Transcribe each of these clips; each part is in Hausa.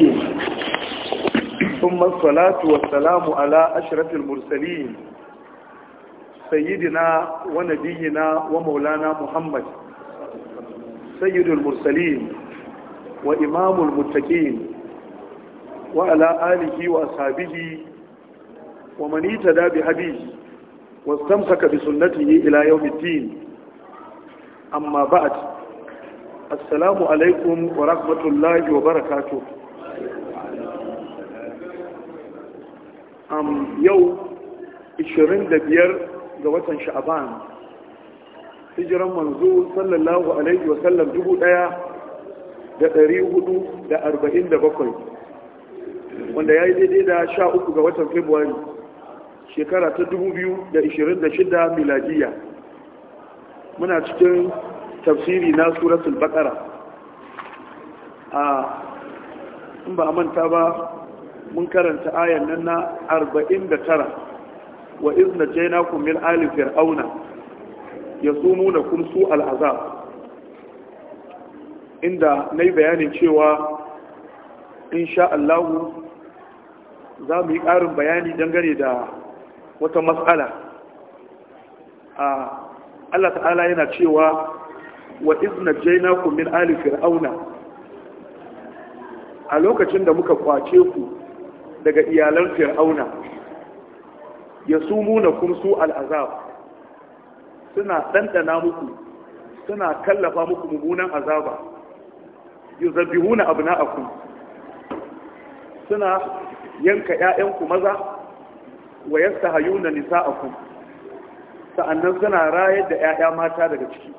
العالمين ثم الصلاة والسلام على أشرف المرسلين سيدنا ونبينا ومولانا محمد سيد المرسلين وإمام المتقين وعلى آله وأصحابه ومن اهتدى بهديه واستمسك بسنته إلى يوم الدين أما بعد السلام عليكم ورحمة الله وبركاته yau 25 ga watan sha'aban hijiran manzo sallallahu alaihi wa sallam dubu daya da dari hudu da arba'in da bakwai wanda ya yi daidai da sha uku ga watan february shekara ta dubu biyu da ishirin da shida miladiya muna cikin tafsiri na suratul baqara a in ba a manta ba mun karanta ayan nan na 49 wa izna jainakum min ali fir'auna yasumunakum su al'azab inda nayi bayanin cewa insha Allah za mu yi ƙarin bayani dangane da wata matsala a Allah ta'ala yana cewa wa izna jainakum min ali fir'auna a lokacin da muka kwace ku daga iyalan fir'auna ya sumu na al'azab suna ɗanɗana muku suna kallafa muku mummunan azaba yi zabihu na abu na'aku suna yanka ‘ya'yanku maza wa yasta hayu na nisa'aku sa'annan suna rayar da ‘ya'ya mata daga ciki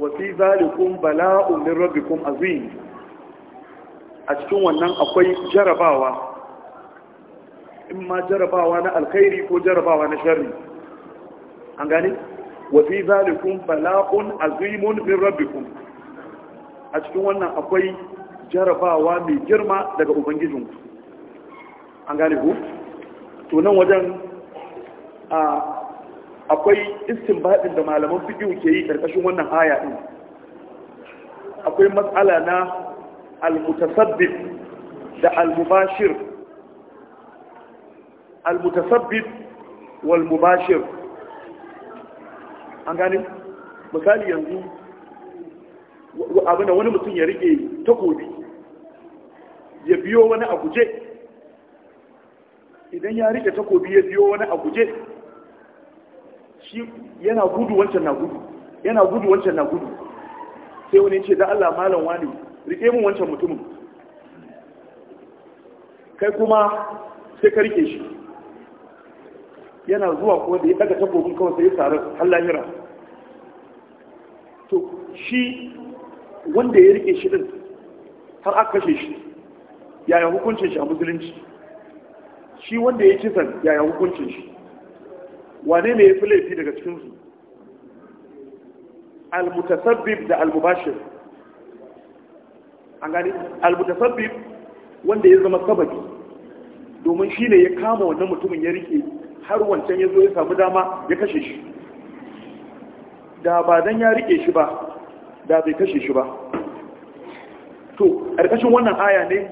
wasi zalikun bala'un min rabbikum a cikin wannan akwai jarabawa in ma jarabawa na alkhairi ko jarabawa na sharri an gane wa fi bala'un azimun min rabbikum a cikin wannan akwai jarabawa mai girma daga ubangijinku an gane ku to nan wajen akwai istinbadin da malaman fiqh ke yi ƙarƙashin wannan haya ɗin. akwai matsala na al da al-mubashir al Walmubashir, an gane misali yanzu abinda wani mutum ya rike takobi ya biyo wani aguje? idan ya rike takobi ya biyo wani aguje? shi yana gudu wancan na gudu yana gudu wancan na gudu sai wani ce da Allah malam wani rike mun wancan mutumin kai kuma sai ka rike shi yana zuwa kuma da ya daga tabbobin kawai sai ya taru har lahira to shi wanda ya rike shi din har aka kashe shi yaya hukuncin shi a musulunci shi wanda ya san yaya hukuncin shi wane ne ya fi laifi daga cikinsu al-mutasabbib da al al-mubashir an gani Al al-mutasabbib wanda ya zama sababi domin shi ne ya kama wannan mutumin ya rike har wancan ya zo ya samu dama ya kashe shi da ba dan ya rike shi ba da bai kashe shi ba to ƙarƙashin wannan aya ne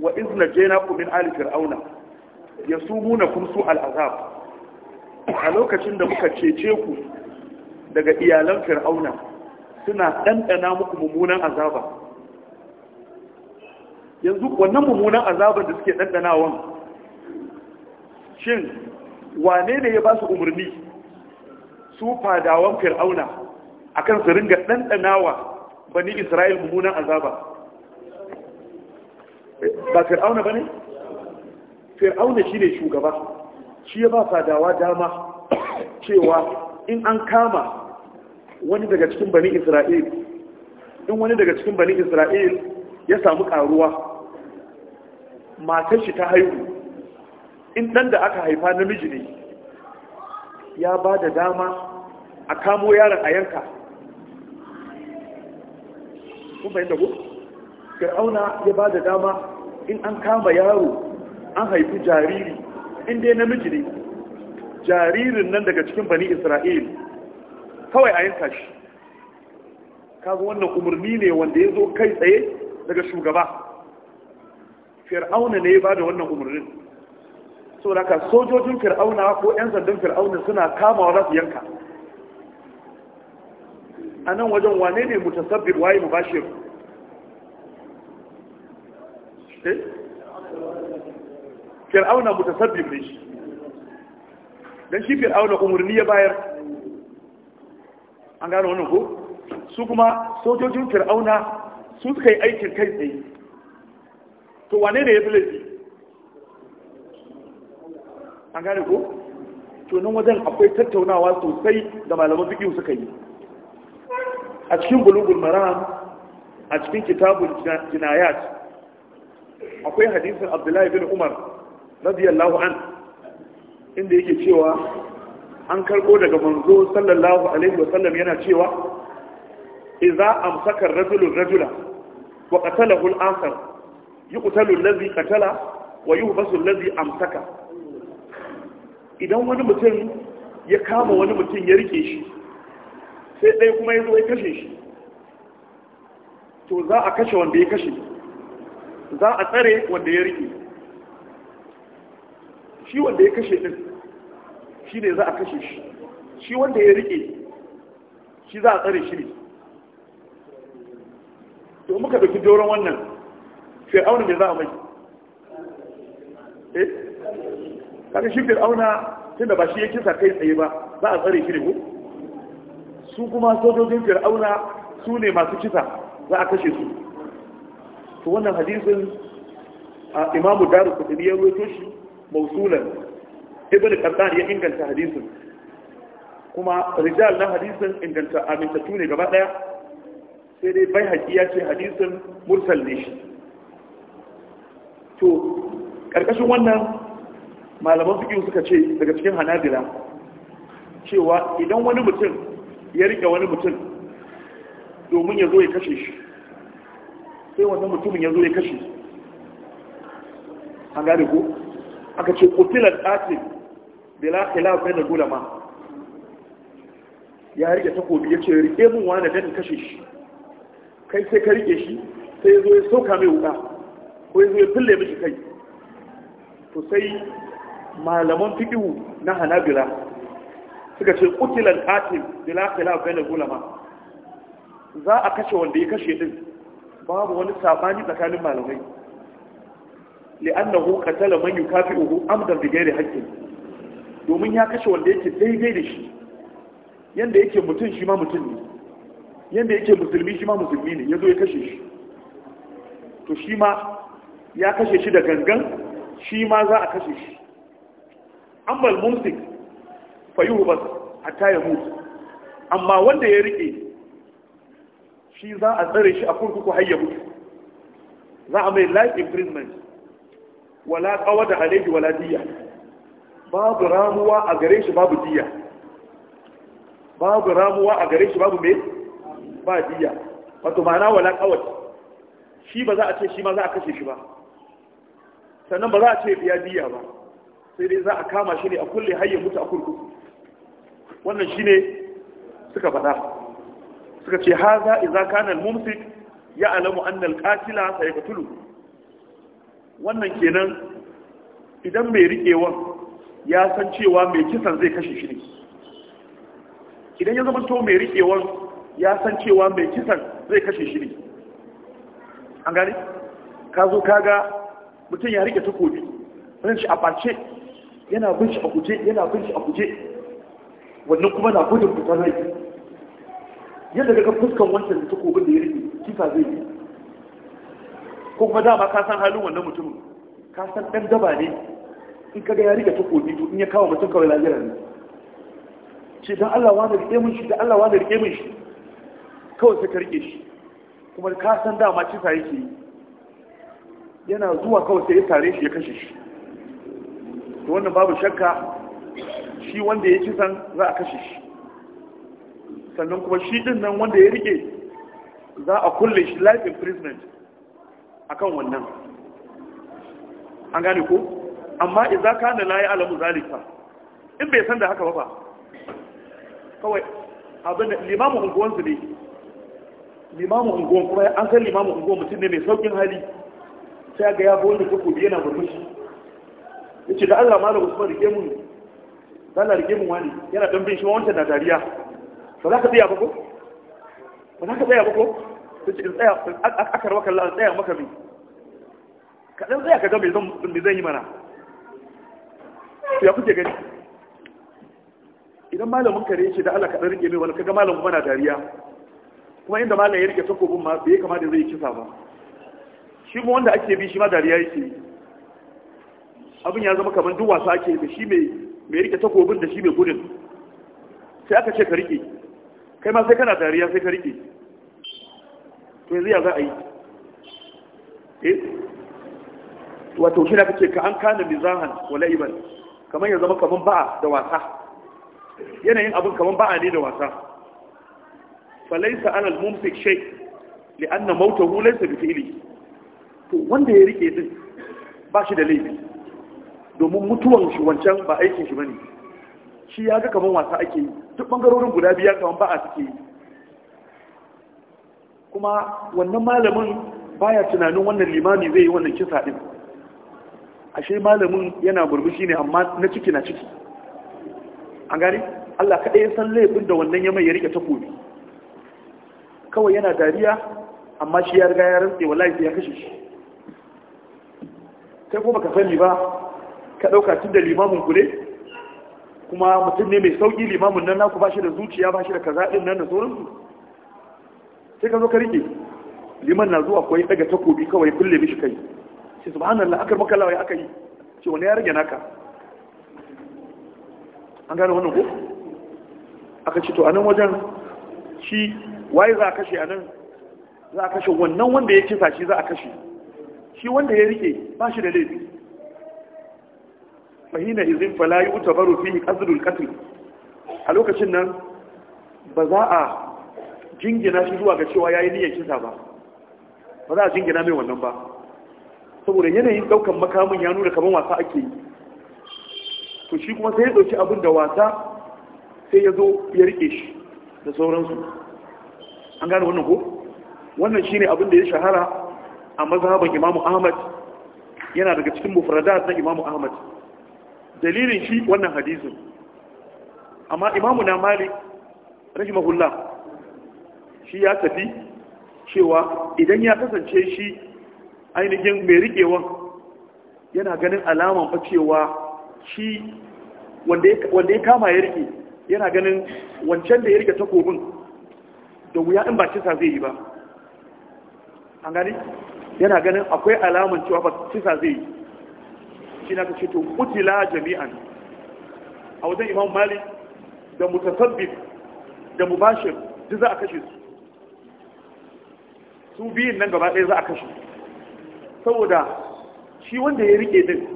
wa izna jena kumin ali fir'auna ya su muna kumsu al'azab a lokacin da muka cece ku daga iyalan fir'auna suna ɗanɗana muku mummunan azaba yanzu wannan mummunan azaban da suke ɗanɗanawan shin wane ne ya ba su umarni su fadawan fir'auna akan su ringa ɗanɗanawa bani isra'il mummunan azaba ba fir'auna ba ne? fir'auna shi ne shugaba shi ya ba fadawa dama cewa in an kama wani daga cikin bani isra'il in wani daga cikin bani isra'il ya samu karuwa matar shi ta haihu in ɗan da aka haifa namiji ne ya ba da dama a kamo yaron a yanka kun fahimta ko fir'auna ya ba da dama in an kama yaro an haifi jariri in dai namiji ne jaririn nan daga cikin bani isra'il kawai a yanka shi kaga wannan umarni ne wanda ya zo kai tsaye daga shugaba fir'auna ne ya ba da wannan umarnin so sojojin fir'auna ko 'yan sandan fir'auna suna kamawa za su yanka a nan wajen wane ne mutasabbir waye mu mubashir eh? fir'auna mutasabbir ne shi don shi fir'auna umarni ya bayar an gano wannan ko su kuma sojojin fir'auna su suka yi aikin kai tsaye to wane ne ya fi laifi an gane ko to nan wajen akwai tattaunawa sosai da malaman fiqh suka yi a cikin bulugul maram a cikin kitabun jinayat akwai hadisin abdullahi bin umar radiyallahu an inda yake cewa an karko daga manzo sallallahu alaihi wa sallam yana cewa idza amsaka ar-rajulu rajula wa qatalahu al-akhar yuqtalu alladhi qatala wa yuhbasu alladhi amsaka idan wani mutum ya kama wani mutum ya rike shi sai ɗaya kuma ya zo ya kashe shi to za a kashe wanda ya kashe za a tsare wanda ya rike shi wanda ya kashe ɗin shi ne za a kashe shi shi wanda ya rike shi za a tsare shi ne to muka ɗauki doron wannan fir'aunin da za a mai eh kaga shi fir'auna tunda ba shi ya kisa kai tsaye ba za a tsare shi ne ko su kuma sojojin fir'auna su ne masu kisa za a kashe su to wannan hadisin Imam daru ya rawaito shi mausulan ibn qaddan ya inganta hadisin kuma rijal na hadisin inganta amintattu ne gaba daya sai dai bai haƙi ya ce hadisin mursal ne shi to ƙarƙashin wannan malaman fikiyu suka ce daga cikin hanabila cewa idan wani mutum ya rike wani mutum domin ya zo ya kashe shi sai wannan mutumin ya zo ya kashe an gane ko aka ce kutilar ɗatin bila da gula ma. ya rike takobi ya ce rike mun wani da kashe shi kai sai ka rike shi sai ya zo ya sauka mai wuka ko ya zo ya fille mishi kai to sai malaman fiɗiwu na hanabila suka ce qutilan qatil bila khilaf bain gulama. za a kashe wanda ya kashe din babu wani sabani tsakanin malamai li'annahu qatala man yukafi'uhu amdan bighairi haqqin domin ya kashe wanda yake daidai da shi yanda yake mutum shi ma mutum ne yanda yake musulmi shi ma musulmi ne yazo ya kashe shi to shi ma ya kashe shi da gangan shi ma za a kashe shi al mumsik fa yuhbas hatta yamut amma wanda ya rike shi za a tsare shi a kurkuku har ya mutu za a mai life imprisonment wala qawada alayhi wala diya babu ramuwa a gare shi babu diya babu ramuwa a gare shi babu me ba diya wato ma'ana wala qawada shi ba za a ce shi ma za a kashe shi ba sannan ba za a ce biya diya ba sai dai za a kama shi ne a kulle hayyar mutu a kurkuku wannan shi ne suka faɗa suka ce ha za a kana mumsik ya alamu annal ka tulu wannan kenan idan mai riƙewan ya san cewa mai kisan zai kashe shi ne idan ya zama to mai riƙewa ya san cewa mai kisan zai kashe shi ne an gani ka zo kaga mutum ya riƙe takobi wani shi a ɓace yana bin shi a guje yana bin shi a guje wannan kuma na gudun fitar rai yadda daga fuskan wancan da takobin da ya rike kisa zai yi ko kuma dama ka san halin wannan mutumin ka san ɗan daba ne in ka ga ya rike takobi to in ya kawo mutum kawai lajira ne ce dan Allah wani rike min shi da Allah wani rike min shi kawai sai ka rike shi kuma ka san dama kisa yake yi yana zuwa kawai sai ya tare shi ya kashe shi to wannan babu shakka shi wanda ya kisan za a kashe shi sannan kuma shi din nan wanda ya rike za a kulle shi life imprisonment akan wannan an gane ko amma idza kana la ya'lamu zalika in bai san da haka ba ba kawai abin da limamu unguwan su ne limamu unguwan kuma an san limamu unguwan mutum ne mai saukin hali sai ga ya boli ko kubi yana burmushi ya da Allah malamu Usman rike mun zana rike mun wani yana dan bin shi wancan na dariya ba za ka tsaya ba ko ba za ka tsaya ba ko ta ce tsaya aka rawa kallon tsaya maka bi ka dan tsaya ka ga me zan yi mana ya kuke gani idan malamin kare ya ce da Allah ka dan rike mai wani kaga malamu mana dariya kuma inda malamin ya rike takobin ma bai kama da zai kisa ba shi mu wanda ake bi shi ma dariya yake yi abin ya zama kamar duk wasa ake da shi mai rike takobin da shi mai gudun sai aka ce ka rike kai ma sai kana dariya sai ka rike to yanzu ya za a yi eh wato shi da kace ka an kana mizahan wala iban kamar ya zama kamar ba'a da wasa yanayin abin kamar ba'a ne da wasa falaisa ala al-mumsik shay li'anna mautahu laysa bi fi'li to wanda ya rike din ba shi da laifi domin mutuwan shi wancan ba aikin shi bane shi ya ga kaman wasa ake yi duk bangarorin guda biya kaman ba a suke yi kuma wannan malamin baya tunanin wannan limami zai yi wannan kisa din ashe malamin yana burbushi ne amma na ciki na ciki an gani? Allah kaɗai ya san laifin da wannan ya mai ya rike takobi kawai yana dariya amma shi ya riga ya rantse wallahi sai ya kashe shi kai kuma ka sani ba ka ɗauka tun da limamin ku ne kuma mutum ne mai sauƙi limamin nan naku ba shi da zuciya ba shi da kaza nan da sauransu sai ka zo ka rike liman na zuwa kuwa daga ɗaga takobi kawai kulle mishi kai sai subhanallah akar maka lawai aka yi ce wani ya rage naka an gane wannan ko aka ce to a nan wajen shi waye za a kashe a nan za a kashe wannan wanda ya kisa shi za a kashe shi wanda ya rike ba shi da laifi fahina izin fala yi baro fi qasdul katil a lokacin nan ba za a jingina shi zuwa ga cewa yayi niyyar kisa ba ba za a jingina mai wannan ba saboda yanayin daukan makamin ya nuna kaman wasa ake yi to shi kuma sai ya dauki abin da wasa sai ya zo ya rike shi da sauransu an gane wannan ko wannan shine abin da ya shahara a mazhaban Imam Ahmad yana daga cikin mufradat na Imam Ahmad dalilin shi wannan hadisin amma imamu na malik rahimahullah shi ya tafi cewa idan ya kasance shi ainihin mai rikewa yana ganin alaman fa cewa shi wanda ya kama ya rike yana ganin wancan da ya rike takobin da wuya in ba cisa zai yi ba an gani yana ganin akwai alaman cewa ba cisa zai yi shi na ka ce to kutila jami'an a wajen imam malik da mutasabbib da mubashir duk za a kashe su su biyun nan gaba ɗaya za a kashe saboda shi wanda ya rike din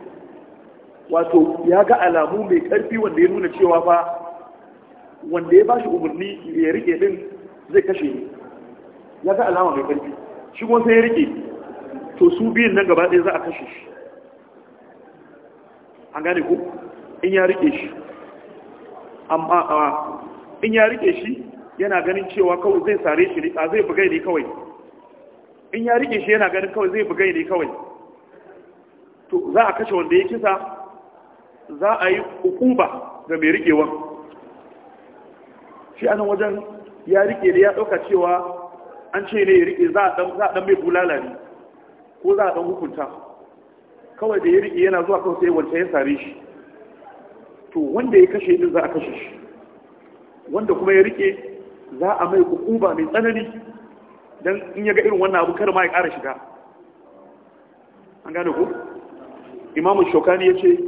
wato ya ga alamu mai ƙarfi wanda ya nuna cewa fa wanda ya bashi umarni ya rike din zai kashe ni ya ga alama mai ƙarfi shi kuma sai ya rike to su biyun nan gaba ɗaya za a kashe shi an gane ko in ya rike shi amma in ya rike shi yana ganin cewa kawai zai sare shi a zai bugai ne kawai in ya rike shi yana ganin kawai zai bugai ne kawai to za a kashe wanda ya kisa za a yi hukuma ga mai rikewa shi anan wajen ya rike ne ya ɗauka cewa an ce ne ya rike za a ɗan mai bulala ne ko za a ɗan hukunta kawai da ya riƙe yana zuwa kawai sai wancan ya sare shi to wanda ya kashe din za a kashe shi wanda kuma ya riƙe za a mai hukuma mai tsanani don in ya ga irin wannan abu kar ma ya ƙara shiga an gane ku imamu shokani ya ce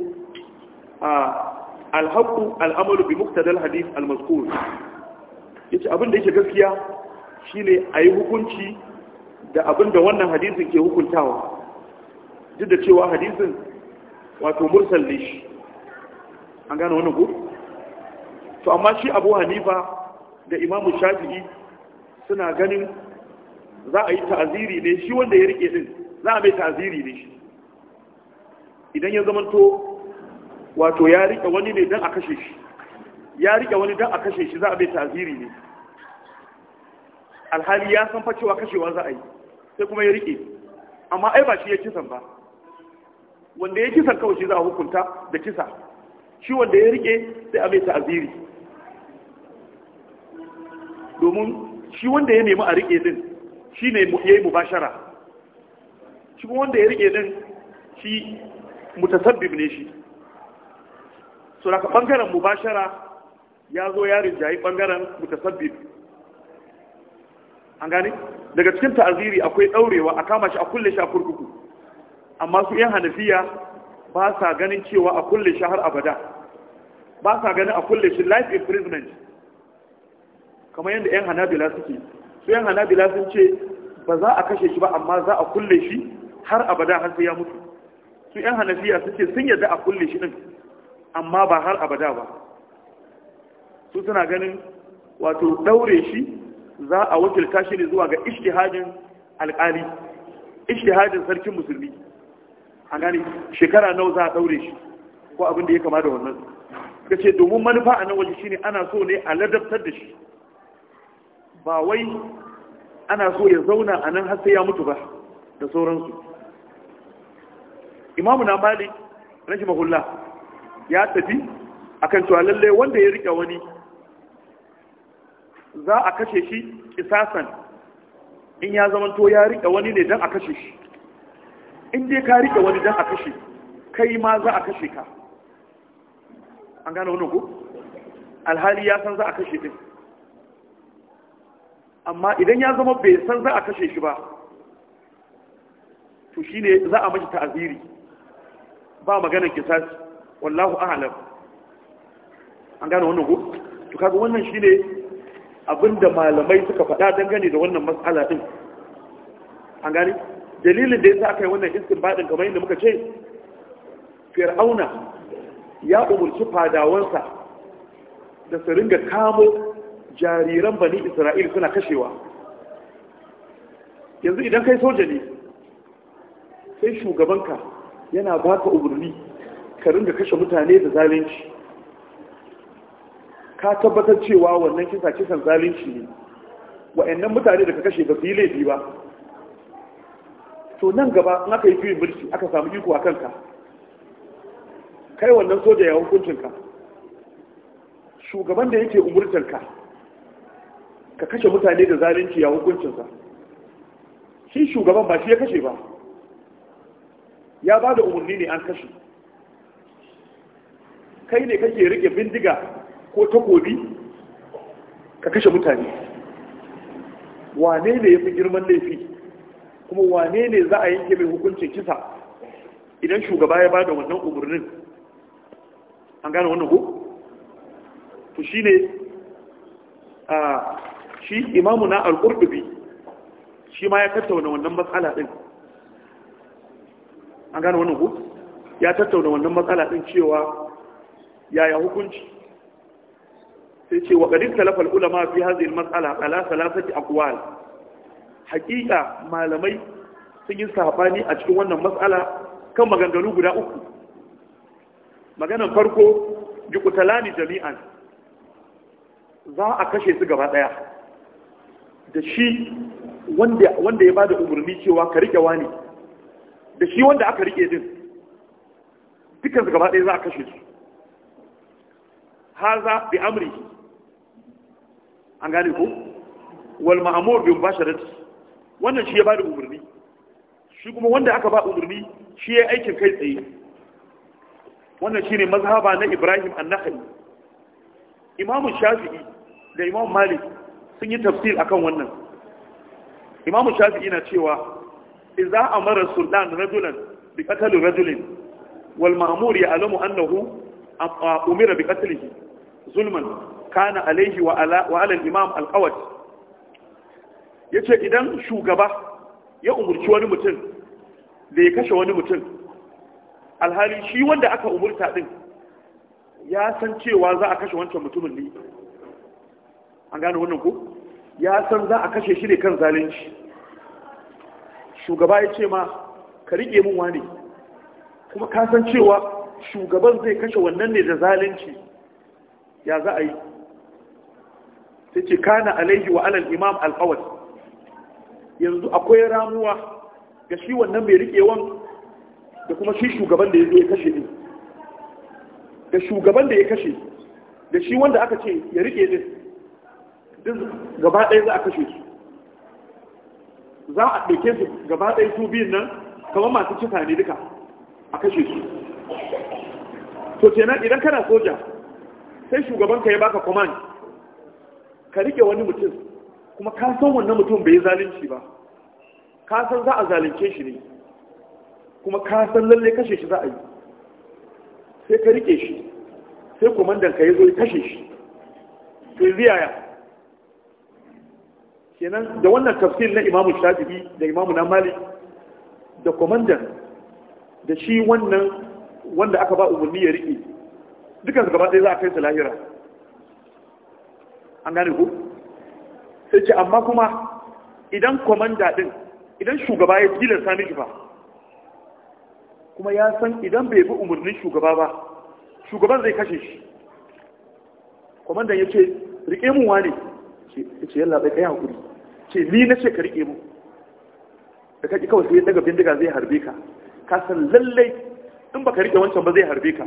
alhaku al'amalu bi muktadal hadith al-mazkur ya ce abinda yake gaskiya shine a yi hukunci da abinda wannan hadisin ke hukuntawa duk da cewa hadisin wato mursal ne shi an gane wannan ku? to amma shi abu hanifa da imamu shafi'i suna ganin za a yi ta'aziri ne shi wanda ya rike din za a mai ta'aziri ne shi idan ya zamanto wato ya rike wani ne don a kashe shi ya rike wani don a kashe shi za a mai ta'aziri ne alhali ya san fa cewa kashewa za a yi sai kuma ya rike amma ai ba shi ya kisan ba wanda ya kisan kawai shi za a hukunta da kisa shi wanda ya rike sai a mai ta'aziri domin shi wanda ya nemi a rike din shi ne ya yi mubashara shi wanda ya rike din shi mutasabbib ne shi so daga bangaren mubashara ya zo ya rinjayi bangaren mutasabbib an gane daga cikin ta'aziri akwai daurewa a kama shi a kulle shi a kurkuku amma su yan hanafiya ba sa ganin cewa a kulle shi har abada ba sa ganin a kulle shi life imprisonment kamar yadda yan hanabila suke su yan hanabila sun ce ba za a kashe shi ba amma za a kulle shi har abada har sai ya mutu su yan hanafiya su ce sun yarda a kulle shi din amma ba har abada ba su suna ganin wato daure shi za a wakilta shi ne zuwa ga ishtihadin alƙali ishtihadin sarkin musulmi a gani shekara nawa za a daure shi ko abin da ya kama da wannan ka ce domin manufa a nan waje shine ana so ne a ladabtar da shi ba wai ana so ya zauna a nan har sai ya mutu ba da sauransu imamu na malik mahulla ya tafi akan cewa lalle wanda ya rike wani za a kashe shi ƙisasan. in ya zamanto ya rike wani ne don a kashe shi in dai ka rike wani dan a kashe kai ma za a kashe ka an gane wannan ku? alhali ya san za a kashe din amma idan ya zama bai san za a kashe shi ba to shine za a mashi ta'aziri ba maganar kisas wallahu a'lam an gane wannan ku? to kaga wannan shine abinda malamai suka faɗa dangane da wannan mas'ala din an gane dalilin da ya sa aka yi wannan baɗin kamar yadda muka ce fir'auna ya umarci fadawansa da su ringa kamo jariran bani isra'il suna kashewa yanzu idan kai soja ne sai shugabanka yana baka umarni ka ringa kashe mutane da zalunci ka tabbatar cewa wannan kisa kisan zalunci ne wa'annan mutane da ka kashe ba su yi laifi ba to nan gaba in aka yi fiye mulki aka samu iko a kanka kai wannan soja ya hukuncinka shugaban da yake umurtanka ka kashe mutane da zalunci ya hukuncinsa shi shugaban ba shi ya kashe ba ya ba da umarni ne an kashe kai ne kake rike bindiga ko takobi ka kashe mutane wane ne ya fi girman laifi kuma wane ne za a yanke mai hukuncin kisa idan shugaba ya bada wannan umarnin an gane wannan ku? to ne, a shi imamu na al shi ma ya tattauna wannan matsala din an gane wannan ku? ya tattauna wannan matsala din cewa yaya hukunci sai ce wa ƙarin talafal ulama fi hadhihi al-mas'ala ala thalathati aqwal hakika malamai sun yi sabani a cikin wannan matsala kan maganganu guda uku maganan farko yuqtalani jami'an za a kashe su gaba daya da shi wanda ya ya bada umarni cewa ka rike wani da shi wanda aka rike din dukkan su gaba daya za a kashe su haza bi amri an gane ko wal ma'amur bi mubasharati wannan shi ya bada umarni shi kuma wanda aka ba umarni shi ya aikin kai tsaye wannan shine mazhaba na Ibrahim an-Nakhai Imam Shafi'i da Imam Malik sun yi tafsir akan wannan Imam Shafi'i na cewa iza amara sultan rajulan bi qatl rajulin wal ma'mur ya'lamu annahu umira bi qatlihi zulman kana alayhi wa ala wa ala al-imam al-qawat ya ce idan shugaba ya umurci wani mutum da ya kashe wani mutum alhali shi wanda aka umurta din ya san cewa za a kashe wancan mutumin ne an gane wannan ku? ya san za a kashe shi ne kan zalunci shugaba ya ce ma ka riƙe min wani kuma ka san cewa shugaban zai kashe wannan ne da zalunci ya za a yi sai ce kana alaihi wa alal imam al-awwal yanzu akwai ramuwa ga shi wannan mai riƙewan da kuma shi shugaban da ya kashe din da shugaban da ya kashe da shi wanda aka ce ya riƙe din gaba ɗaya za a kashe su za a ɗauke su gaba ɗaya su biyun nan kamar masu cika ne duka a kashe su to kenan idan kana soja sai shugabanka ya baka command ka rike wani mutum kuma ka san wannan mutum bai zalunci ba ka san za a zalunce shi ne kuma ka san lalle kashe shi za a yi sai ka rike shi sai komandan ka yi zo kashe shi sai yanzu kenan da wannan tafsir na imamu shafi'i da imamu na malik da komandan da shi wannan wanda aka ba umarni ya rike dukansu gaba ɗaya za a kai su lahira an gane ku sai ce amma kuma idan komanda din idan shugaba ya sami miki ba kuma ya san idan bai bi umarnin shugaba ba shugaban zai kashe shi kwamandan ya ce riƙe mu wane ya ce yalla bai kai hankuri ce ni na ce ka riƙe mu da kaki kawai sai ya daga bindiga zai harbe ka ka san lallai in baka riƙe wancan ba zai harbe ka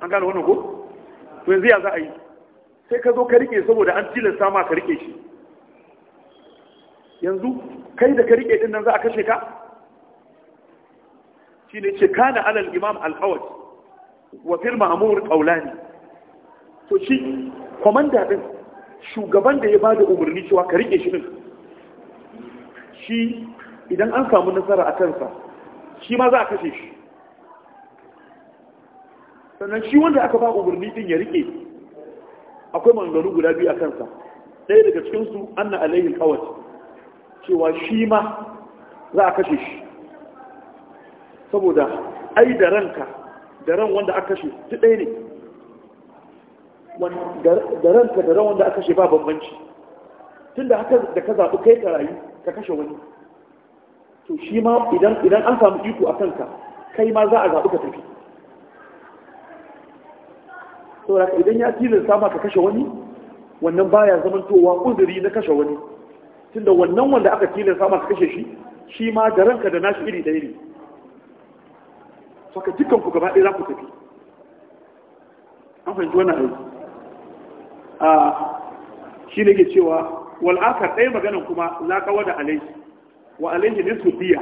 an gane wannan ko to yanzu ya za a yi sai ka zo ka rike saboda an tilasta ma ka rike shi yanzu kai da ka rike din nan za a kashe ka ne ce kana alal imam al-awad wa fil ma'mur qawlani to shi komanda din shugaban da ya bada umarni cewa ka rike shi din shi idan an samu nasara a kansa shi ma za a kashe shi sannan shi wanda aka ba umarni din ya rike akwai mangaru guda biyu a kansa ɗaya daga cikinsu na alaihi kawai cewa shi ma za a kashe shi saboda ai da ranka da ran wanda aka kashe duk ɗaya ne da ranka da ran wanda aka kashe ba bambanci tun da haka da ka zaɓi kai ka rayu ka kashe wani to shi ma idan an samu iko a kanka kai ma za a zaɓi ka tafi saboda idan ya sama ka kashe wani wannan baya zamantowa uzuri na kashe wani tunda wannan wanda aka sama ka kashe shi shi ma da ranka da nashi iri ɗaya ne saka dukkan ku gaba ɗaya za ku tafi an fahimci wannan aiki a shi ne ke cewa wal'akar ɗaya maganan kuma laƙawa da alai wa alai ne su biya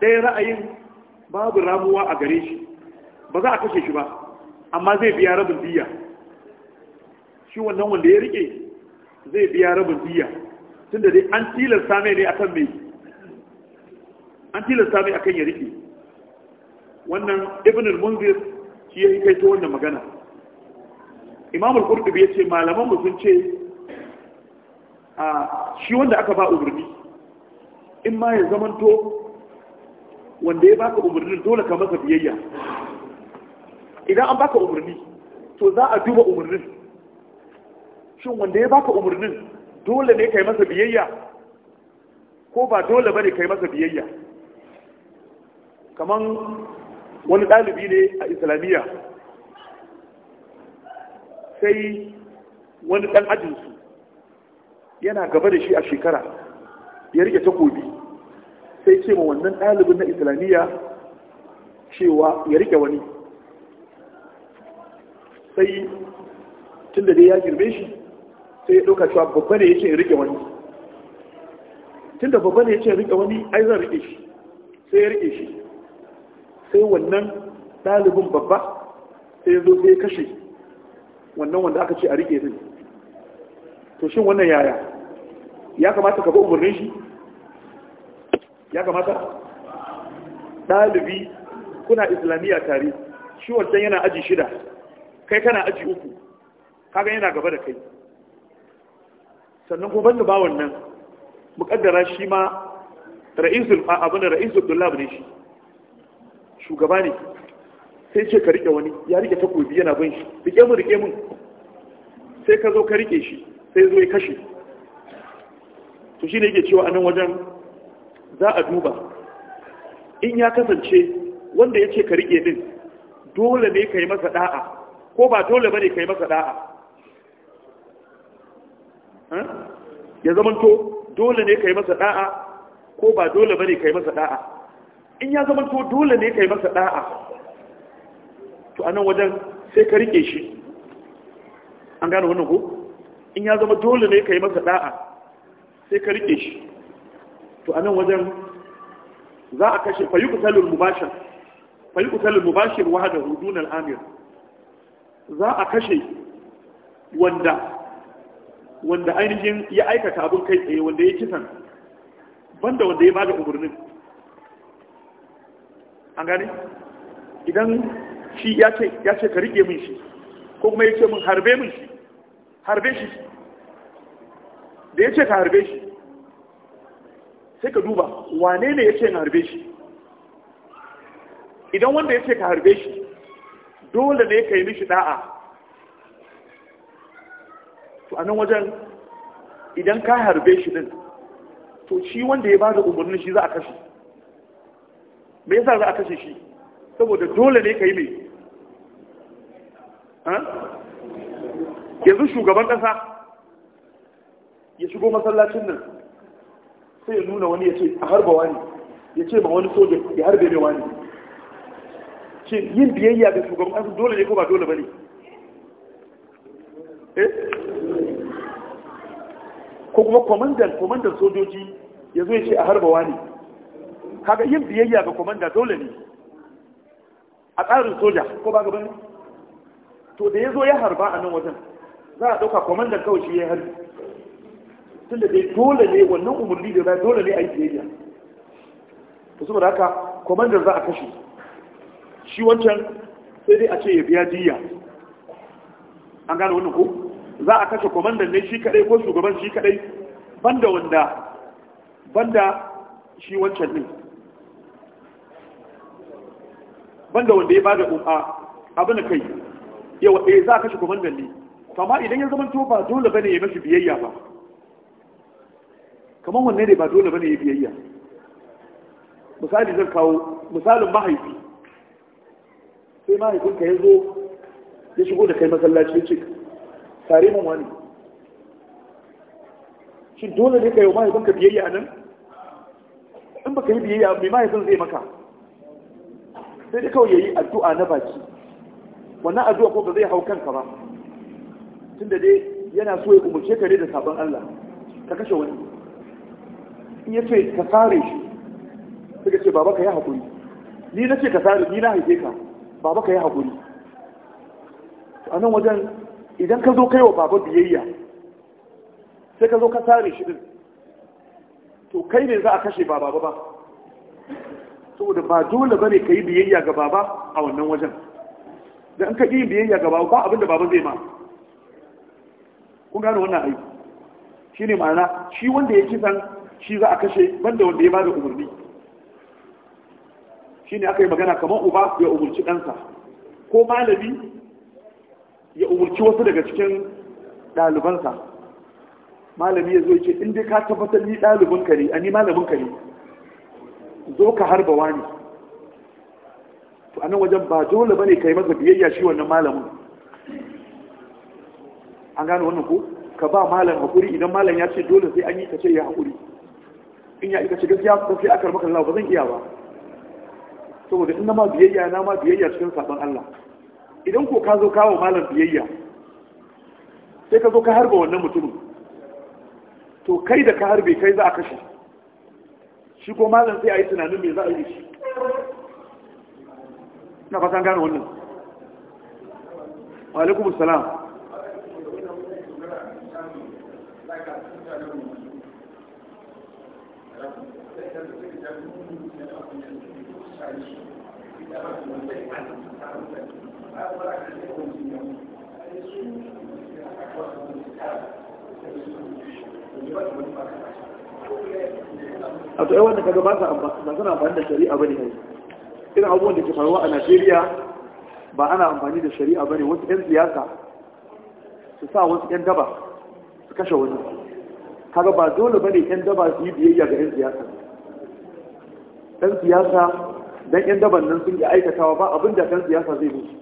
ɗaya ra'ayin babu ramuwa a gare shi ba za a kashe shi ba amma zai biya rabin diya shi wannan wanda ya rike zai biya rabin diya tunda dai an tilasta mai ne akan mai an tilasta mai akan ya rike wannan ibn al-munzir shi ya kai ta wannan magana imam al-qurtubi ce, malaman mu sun ce a shi wanda aka ba umarni in ma ya zamanto wanda ya baka umarnin dole ka masa biyayya idan an baka umarni to za a duba umarnin shin wanda ya baka umarnin dole ne kai masa biyayya ko ba dole ba bane kai masa biyayya kaman wani ɗalibi ne a islamiyya sai wani ɗan ajinsu yana gaba da shi a shekara ya rike takobi sai ce ma wannan ɗalibin na islamiyya cewa ya rike wani sai tun da dai ya girbe shi sai ya ɗauka cewa babba ne ya ce rike wani tun da babba ne ya ce rike wani ai zan rike shi sai ya rike shi sai wannan ɗalibin babba sai ya zo sai ya kashe wannan wanda aka ce a rike din to shin wannan yaya ya kamata ka ga umarnin shi ya kamata ɗalibi kuna islamiyya tare shi wancan yana aji shida kai kana aji uku kaga yana gaba da kai sannan kuma banda ba wannan mukaddara shi ma ra'isul abin da ra'isul dullab ne shi shugaba ne sai ce ka rike wani ya rike takobi yana bin shi rike mu rike mun sai ka zo ka rike shi sai zo ya kashe to shine yake cewa anan wajen za a duba in ya kasance wanda ya ce ka rike din dole ne ka yi masa da'a ko ba dole bane kai masa da'a ya zamanto dole ne kai masa da'a ko ba dole bane kai masa da'a in ya zamanto dole ne kai masa da'a to a nan wajen sai ka rike shi an gane wannan ko in ya zama dole ne kai masa da'a sai ka rike shi to a nan wajen za a kashe fayuqtalul mubashir fayuqtalul mubashir wahdahu dun al-amir za a kashe wanda wanda ainihin ya aikata abin kai tsaye wanda ya kisan banda wanda ya ba da umarnin an gane idan shi ya ce ka rike min shi ko kuma ya ce min harbe min shi harbe shi da ya ce ka harbe shi sai ka duba wane ne ya ce ka harbe shi idan wanda ya ce ka harbe shi dole ne ka yi mishi da'a to a nan wajen idan ka harbe shi din to shi wanda ya bada umarnin shi za a kashe me yasa za a kashe shi saboda dole ne ka yi mai yanzu shugaban ƙasa ya shigo masallacin nan sai ya nuna wani ya ce a harbawa wani ya ce ma wani soja ya harbe mai wani ce yin biyayya ga shugaban ƙasa dole ne ko ba dole ba ne eh? ko kuma komandan komandan sojoji ya zo ya ce a harbawa ne kaga yin biyayya ga komanda dole ne a tsarin soja ko ba gaba ne to da ya zo ya harba a nan wajen za a ɗauka komandan kawai shi ya harbi tun da dai dole ne wannan umarni da dole ne a yi biyayya to saboda haka komandan za a kashe shi wancan sai dai a ce ya biya diya an gano wannan ko za a kashe kwamandan ne shi kadai ko shugaban shi kadai banda wanda banda shi wancan ne banda wanda ya bada umma abin da kai yawa eh za a kashe kwamandan ne amma idan ya zama to ba dole bane ya mashi biyayya ba kamar wanne ne ba dole bane ya biyayya misali zan kawo misalin mahaifi sai mahaifinka ya zo ya shigo da kai masallaci cik, ce tare mun wani shi dole ne ka yi wa mahaifinka biyayya nan in baka yi biyayya mai mahaifin zai maka sai dai kawai ya yi addu'a na baki wannan addu'a ko ba zai hau kanka ba tun da dai yana so ya umarce ka ne da sabon Allah ka kashe wani in ya ce ka sare shi suka ce baba ka yi haƙuri ni na ce ka sare ni na haife ka baba ka yi haƙuri a nan wajen idan ka zo kaiwa baba biyayya sai ka zo ka sare shi din to kai ne za a kashe ba baba ba saboda ba dole bane ka yi biyayya ga baba a wannan wajen da an ka yi biyayya ga baba ba abinda baba zai ma kun gano wannan aiki shi ne ma'ana shi wanda ya kisan shi za a kashe banda wanda ya ba da umarni Shi ne aka yi magana kamar uba ya umurci ɗansa ko malami ya umurci wasu daga cikin ɗalibansa malami ya zo ce in dai ka tabbatar ni ɗalibinka ne a ni malaminka ne zo ka harba wani to anan wajen ba dole bane yi masa biyayya shi wannan malamin an gane wannan ko ka ba malam hakuri idan malam ya ce dole sai an yi ta ce ya hakuri in ya ita ce gaskiya ko sai aka maka Allah ba zan iya ba saboda in ma biyayya na ma biyayya cikin sabon Allah idan ko ka zo kawo malam biyayya sai ka zo ka harba wannan mutumin to kai da ka harbe kai za a kashe shi ko malam sai a yi tunanin me za a yi shi na fasan gane wannan wa alaikum salam Thank you. a to yawan da kaga ba su ba suna amfani da shari'a ne kai irin abubuwan da ke faruwa a Najeriya ba ana amfani da shari'a ba ne. wasu 'yan siyasa su sa wasu 'yan daba su kashe wani kaga ba dole ba ne 'yan daba su yi biyayya ga 'yan siyasa 'yan siyasa dan yan daban nan sun yi aikatawa ba abin da kan siyasa zai musu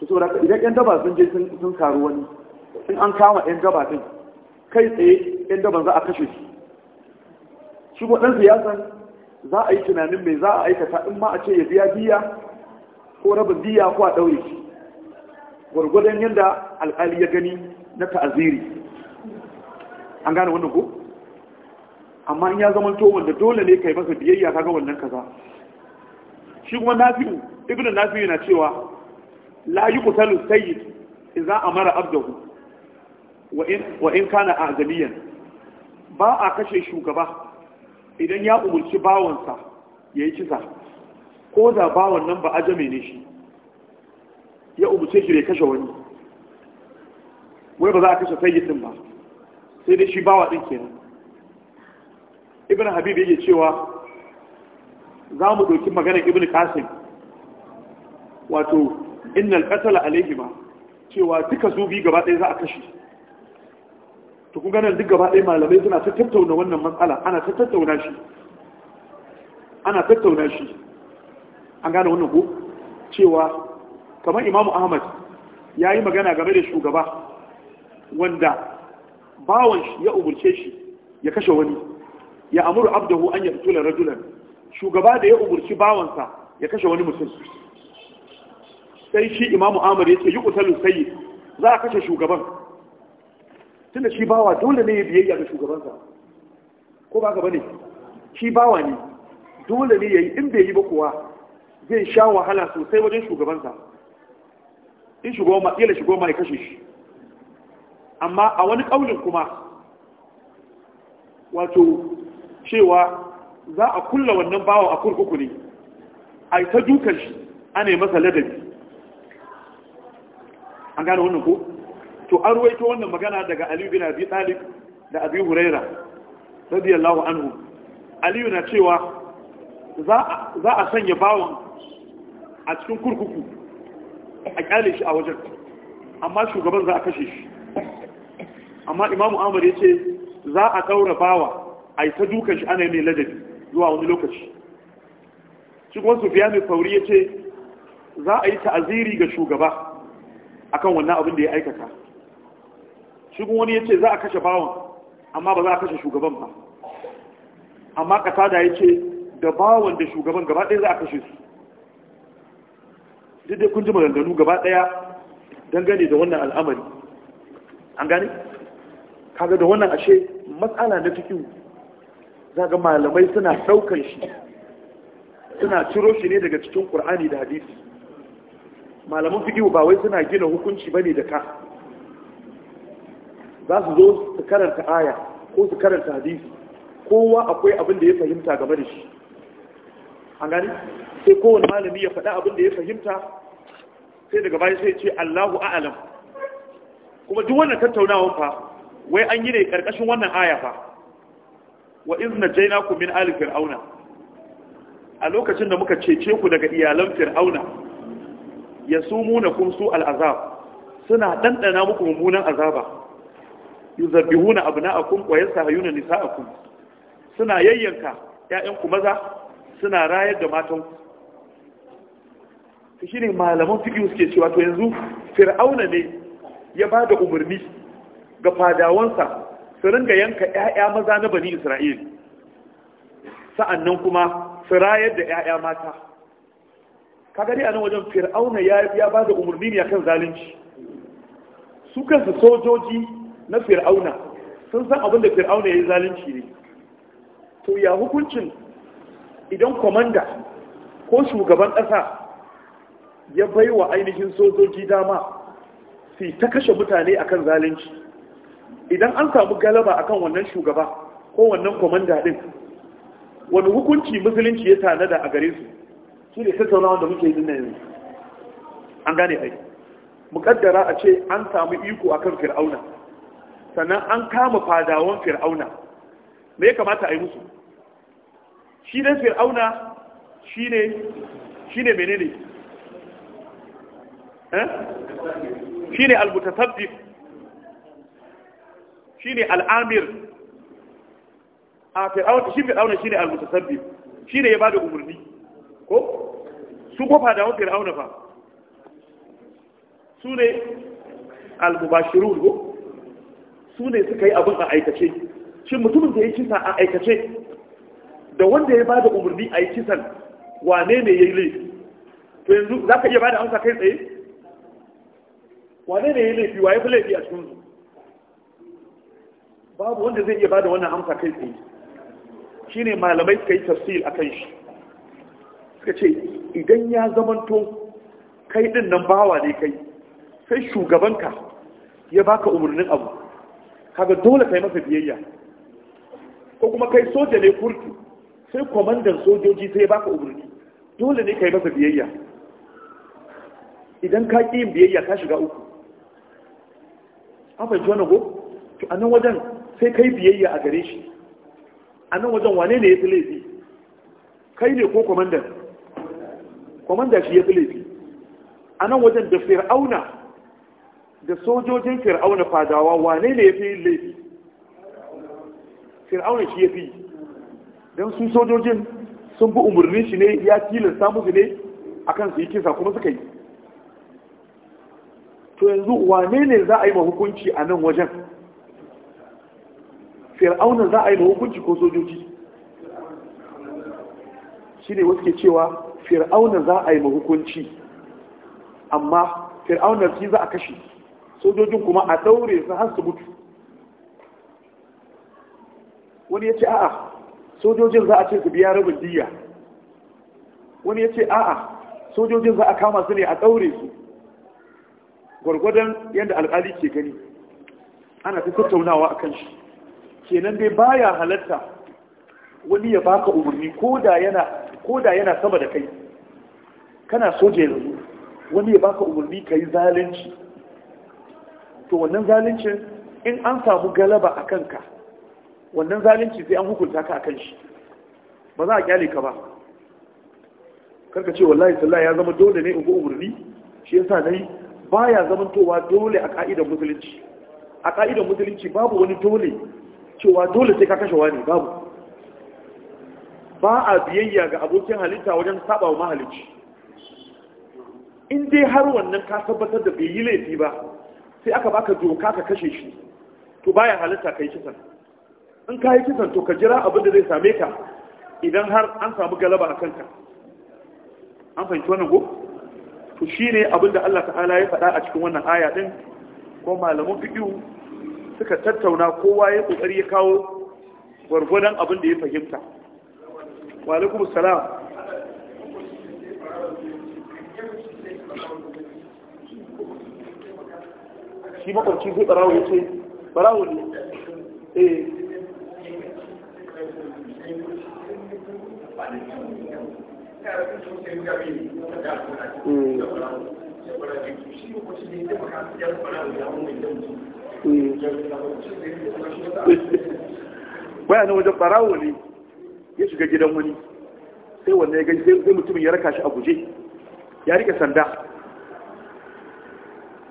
to so da idan yan daba sun je sun karu wani in an kama yan daba din kai tsaye yan daban za a kashe shi shi ko dan siyasan za a yi tunanin mai za a aikata in ma a ce ya biya biya ko rabin biya ko a daure shi gwargwadon yadda alƙali ya gani na ta'aziri an gane wannan ko amma in ya zama to wanda dole ne kai masa biyayya kaga wannan kaza shi kuma nafi'u ibnu nafi'u na cewa la yuqtalu sayyid idza amara abdahu wa in wa in kana azaliyan ba a kashe shugaba idan ya umurci bawansa yayi kisa ko da bawan nan ba ajame ne shi ya umurce shi da kashe wani wai ba za a kashe din ba sai dai shi bawa din kenan ibn habib yake cewa za mu doki maganar ibn kasim wato innal qatala alaihima cewa duka su bi gaba ɗaya za a kashe to kun ganin duk gaba ɗaya malamai suna ta tattauna wannan matsala ana ta tattauna shi ana tattauna shi an gane wannan ko cewa kamar imamu ahmad ya yi magana game da shugaba wanda bawan shi ya umurce shi ya kashe wani ya amuru abdahu an ya fitula rajulan shugaba da ya umurci bawansa ya kashe wani mutum sai shi imamu amur ya ce yi kusurin sayi za a kashe shugaban tunda shi bawa dole ne ya biyayya ga shugabansa ko ba gaba ne shi bawa ne dole ne ya yi in bai yi ba kuwa zai sha wahala sosai wajen shugabansa in shugaba ma ƙila shugaban ma ya kashe shi amma a wani ƙaunin kuma wato cewa za a kulla wannan bawa a kurkuku ne a ta dukan shi a ne masa ladabi an gane wannan ko to an ruwaito wannan magana daga aliyu bin abi talib da abi huraira radiyallahu anhu aliyu na cewa za a sanya bawan a cikin kurkuku a kyale shi a wajen amma shugaban za a kashe shi amma imamu amur ya ce za a taura bawa a yi ta dukan shi ana yi mai ladabi zuwa wani lokaci wasu biya mai fauri ya ce za a yi ta'aziri ga shugaba akan wannan abin da ya aikata Cikin wani ya ce za a kashe bawan amma ba za a kashe shugaban ba amma da ya ce da bawan da shugaban gaba ɗaya za a kashe su duk da kun ji maganganu gaba ɗaya dangane da wannan al'amari an gane kaga da wannan ashe matsala na cikin za ga malamai suna ɗaukan shi suna ciro shi ne daga cikin ƙur'ani da hadisi malaman fikihu ba wai suna gina hukunci ba ne da ka za su zo su karanta aya ko su karanta hadisi kowa akwai abin da ya fahimta game da shi an gani sai kowane malami ya faɗa abin da ya fahimta sai daga bayan sai ce allahu a'alam kuma duk wannan tattaunawar fa wai an yi ne ƙarƙashin wannan aya fa wa izna jaina ku min ali fir'auna a lokacin da muka cece ku daga iyalan fir'auna ya sumu na su al'azab suna ɗanɗana muku mummunan azaba yuzabbihuna abna'akum wa yastahayuna nisa'akum suna yayyanka ƴaƴanku maza suna rayar da ku shi ne malaman fiƙi suke cewa to yanzu fir'auna ne ya ba da umarni ga fadawansa su ringa yanka ƴaƴa maza na bani isra'il sa'annan kuma su rayar da ƴaƴa mata kaga dai a nan wajen fir'auna ya ya ba da umarni ne akan zalunci su kansu sojoji na fir'auna sun san abin da fir'auna ya yi zalunci ne to ya hukuncin idan kwamanda ko shugaban ƙasa ya bai wa ainihin sojoji dama su ta kashe mutane akan zalunci idan an samu galaba akan wannan shugaba ko wannan komanda din wani hukunci musulunci ya da a gare su shi ne tattaunawa da muke yi yanzu an gane ai mukaddara a ce an samu iko akan fir'auna sannan an kama fadawan fir'auna me ya kamata a yi musu shi ne fir'auna shi ne shi ne menene eh shi ne almutasabbih shine al'amir a fir'auna shi fir'auna shine al-mutasabbib shine ya bada umarni ko su ko fa da wani fir'auna fa sune al-mubashirun ko sune suka yi abin a aikace shi mutumin da ya kisa a aikace da wanda ya bada umarni a yi kisan wane ne ya yi laifi to yanzu za ka iya bada amsa kai tsaye wane ne ya yi laifi wa ya fi laifi a cikin su babu wanda zai iya bada wannan amsa kai tsaye shine malamai suka yi tafsir akan shi suka ce idan ya zamanto kai din nan bawa ne kai sai shugabanka ya baka umarnin abu kaga dole kai masa biyayya ko kuma kai soja ne kurki sai kwamandan sojoji sai ya baka umarni dole ne kai masa biyayya idan ka ƙi yin biyayya ka shiga uku an fahimci wani go to a nan wajen sai kai biyayya a gare shi a nan wajen wane ne ya fi laifi kai ne ko kwamandan Kwamandan shi ya fi laifi a nan wajen da fir'auna da sojojin fir'auna fadawa wane ne ya fi laifi fir'auna shi ya fi don su sojojin sun bi umarnin shi ne ya samun su ne a kan su yi kisa kuma suka yi to yanzu wane ne za a yi ma hukunci a nan wajen fir'auna za a yi hukunci ko sojoji shi ne wasu ke cewa fir'auna za a yi hukunci amma fir'auna shi za a kashe sojojin kuma a daure su har su mutu wani ya ce a'a sojojin za a ce su biya rabin diya wani ya ce a'a sojojin za a kama su ne a daure su gwargwadon yadda al'ali ke gani ana ta tattaunawa a kan shi kenan dai baya halatta wani ya baka umarni ko da yana sama da kai kana soja yanzu wani ya baka umarni ka yi zalunci to wannan zaluncin in an samu galaba a kanka wannan zalunci sai an hukunta ka a kan shi ba za a kyale ka ba karka ce wallahi sallah ya zama dole ne in umarni shi yasa nayi baya zamantowa dole a ka'idar musulunci a ka'idar musulunci babu wani dole cewa dole sai ka kashe wani babu ba a biyayya ga abokin halitta wajen saba wa mahalicci in dai har wannan ka tabbatar da bai yi laifi ba sai aka baka doka ka kashe shi to baya halitta ka yi kisan in ka yi kisan to ka jira abin da zai same ka idan har an samu galaba a kanka an fahimci wannan ko to ne abin da Allah ta'ala ya faɗa a cikin wannan aya ɗin ko malamin fiqh suka tattauna kowa ya kokari ya kawo gwargwadon abin da ya fahimta wa alaikum salam shi makwabci zai barawo ya ce barawo ne eh Mm. waya na wajen barawo ne ya shiga gidan wani sai wanda ya gani sai mutumin ya raka shi a guje ya rike sanda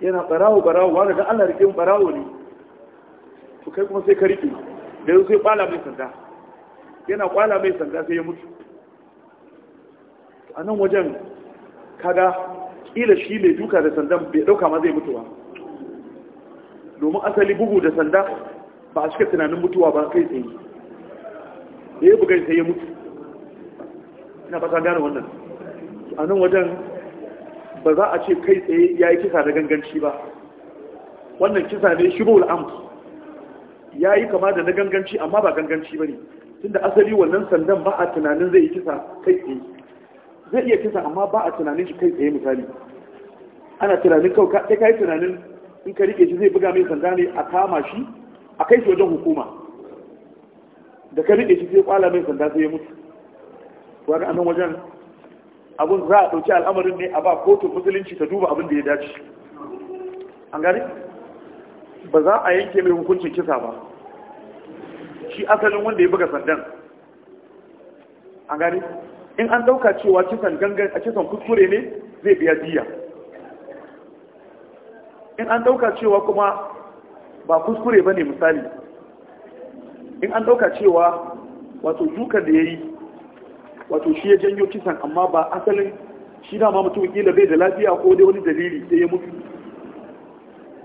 yana barawo barawo wanda da allah rike barawo ne to kai kuma sai ka rike da yau sai kwala mai sanda yana kwala mai sanda sai ya mutu a nan wajen kaga ƙila shi mai duka da sandan bai dauka ma zai mutu ba domin asali bugu da sanda ba a cika tunanin mutuwa ba kai tsaye da ya bugai sai ya mutu ina fata gane wannan a nan wajen ba za a ce kai tsaye ya yi kisa da ganganci ba wannan kisa ne shi bawul amt ya yi kama da na ganganci amma ba ganganci ba ne tunda asali wannan sandan ba a tunanin zai yi kisa kai tsaye zai iya kisa amma ba a tunanin shi kai tsaye misali ana tunanin kawai kai tunanin in ka rike shi zai buga mai sanda ne a kama shi a kai shi wajen hukuma da ka rike shi sai kwala mai sanda sai ya mutu wani anan wajen abun za a ɗauki al'amarin ne a ba kotun musulunci ta duba abin da ya dace an gane ba za a yanke mai hukuncin kisa ba shi asalin wanda ya buga sandan an gane in an ɗauka cewa kisan gangan a kisan kuskure ne zai biya diya in an ɗauka cewa kuma ba kuskure ba ne misali in an ɗauka cewa wato dukan da ya yi wato shi ya janyo kisan amma ba asalin shi dama mutum kila bai da lafiya ko dai wani dalili sai ya mutu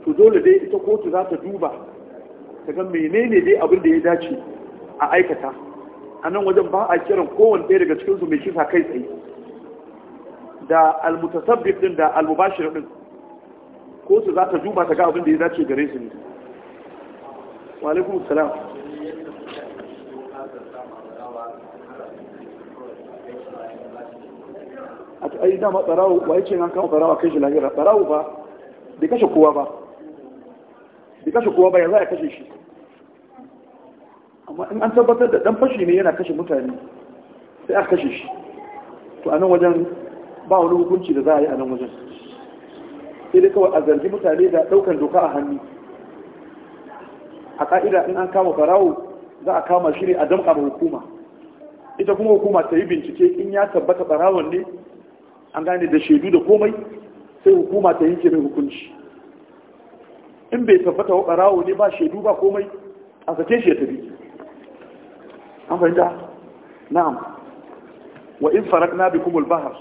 to dole dai ita kotu za ta duba ta ga menene dai abin da ya dace a aikata a nan wajen ba a kiran kowane ɗaya daga cikinsu mai kisa kai tsaye da almutasabbi ɗin da almubashir din Ko su za ta juba ta ga abin da ya dace gare su ne wa alaikum salam a ta ayi dama tsarawo wa yake nan kama tsarawa kai shi lahira tsarawo ba bai kashe kowa ba bai kashe kowa ba ya za a kashe shi amma in an tabbatar da dan fashi ne yana kashe mutane sai a kashe shi to a nan wajen ba wani hukunci da za a yi a nan wajen sai dai kawai a zargi mutane da ɗaukar doka a hannu a ka'ida in an kama farawo za a kama shi ne a damƙa ma hukuma ita kuma hukuma ta yi bincike in ya tabbata farawon ne an gane da shaidu da komai sai hukuma ta yanke mai hukunci in bai tabbata wa barawo ne ba shaidu ba komai a sake shi ya tafi an fahimta na'am wa in farakna bikum al-bahr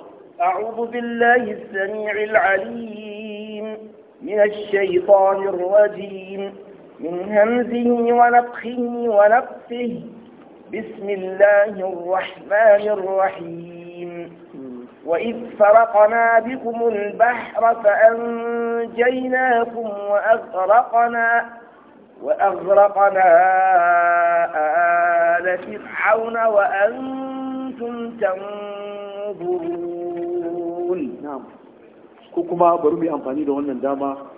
أعوذ بالله السميع العليم من الشيطان الرجيم من همزه ونفخه ونفخه بسم الله الرحمن الرحيم وإذ فرقنا بكم البحر فأنجيناكم وأغرقنا وأغرقنا آل فرعون وأنتم تنظرون qul na'am ko kuma bari mu yi amfani da wannan dama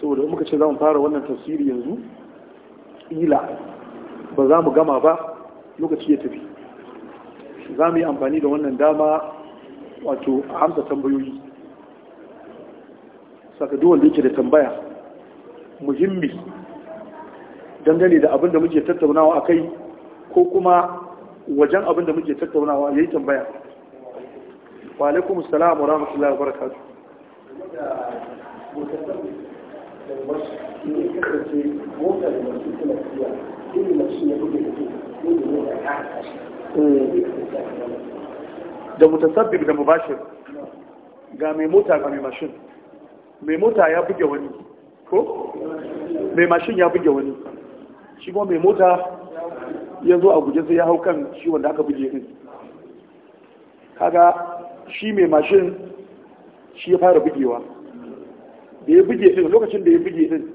saboda muka ce za mu fara wannan tafsiri yanzu ila ba za mu gama ba lokaci ya tafi za mu yi amfani da wannan dama wato a amsa tambayoyi saka wanda yake da tambaya muhimmi dangane da abin da muke tattaunawa a kai ko kuma wajen abin da muke tattaunawa ya yi tambaya وعليكم السلام ورحمة الله وبركاته da mutasabbib da mubashir ga mai mota ga mai mashin mai mota ya buge wani ko mai mashin ya buge wani shi kuma mai mota ya zo a guje sai ya hau kan shi wanda aka buge din kaga shi mai mashin shi ya fara bugewa da ya buge din lokacin da ya buge din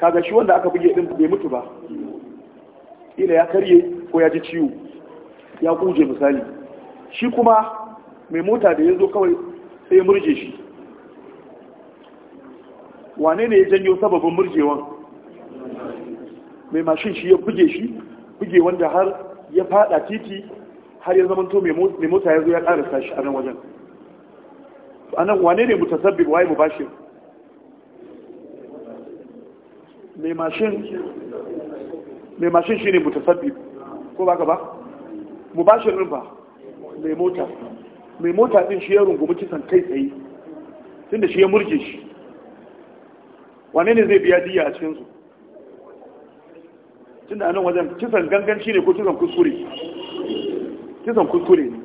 kaga shi wanda aka buge din bai mutu ba ila ya karye ko ya ji ciwo ya kuje misali shi kuma mai mota da ya zo kawai sai ya murje shi wane ne ya janyo sababin murjewan mai mashin shi ya buge shi buge wanda har ya fada titi har ya zama to mai mota ya zo ya karasa shi a nan wajen a nan wane ne mutasabbib waye mu bashi mai mashin mai mashin shi ne mutasabbib ko ba ka ba mu bashin ɗin ba mai mota mai mota din shi ya rungumi kisan kai tsaye tunda shi ya murge shi wane ne zai biya diya a cikinsu tunda a anan wajen kisan gangan shi ne ko kisan kuskure kisan kuskure ne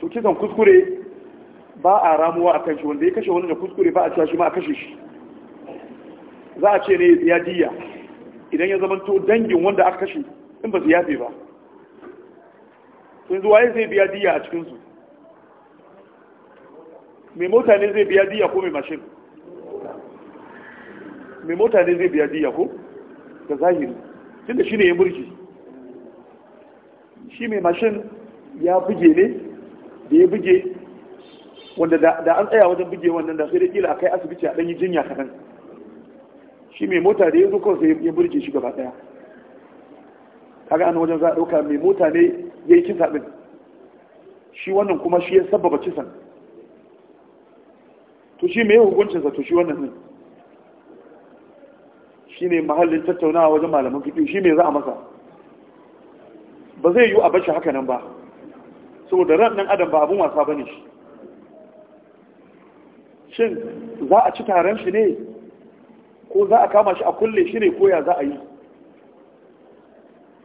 to kisan kuskure ba a ramuwa a kanshi wanda ya kashe wani da kuskure ba a cewa shi ma a kashe shi za a ce ne ya diya idan ya zamanto dangin wanda aka kashe in ba su yafe ba sun zuwa zai biya diya a cikinsu mai mota ne zai biya diya ko mai mashin mai mota ne zai biya diya ko da zahiri tunda shi ne ya murji shi mai mashin ya buge ne da ya buge wanda da an tsaya wajen buge wannan da sai da kila a kai asibiti a ɗanyi jinya kaɗan shi mai mota da ya zo kawai sai ya burge shi gaba ɗaya kaga an wajen za a ɗauka mai mota ne ya yi kisa ɗin shi wannan kuma shi ya sababa kisan to shi mai hukuncinsa to shi wannan ne shi ne mahallin tattaunawa wajen malaman fiƙi shi mai za a masa ba zai yi a bashi haka nan ba saboda ran nan adam ba abin wasa bane shi shin za a ci taron shi ne ko za a kama shi a kulle shi ne ko ya za a yi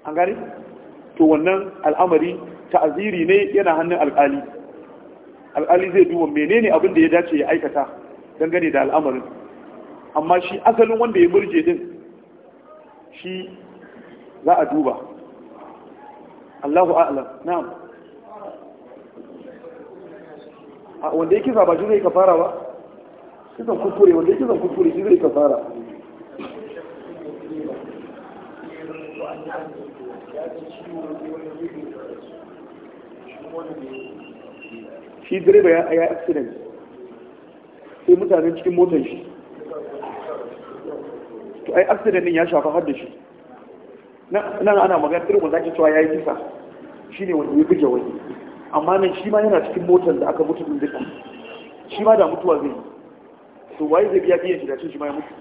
an gari to wannan al'amari ta'aziri ne yana hannun alkali alkali zai duba menene abin da ya dace ya aikata dangane da al'amarin amma shi asalin wanda ya murje din shi za a duba Allahu na na'am a wanda yake ba shi zai kafara ba kisan kufuri wanda yake zan kufuri shi zai kafara shi direba ya yi accident sai mutanen cikin motar shi to ai accident din ya shafa har da shi nan ana magana irin wanda ake cewa yayi kisa shine wanda ya buge wani amma nan shi ma yana cikin motar da aka mutu duka shi ma da mutuwa zai to waye zai biya biyan shi da shi ma ya mutu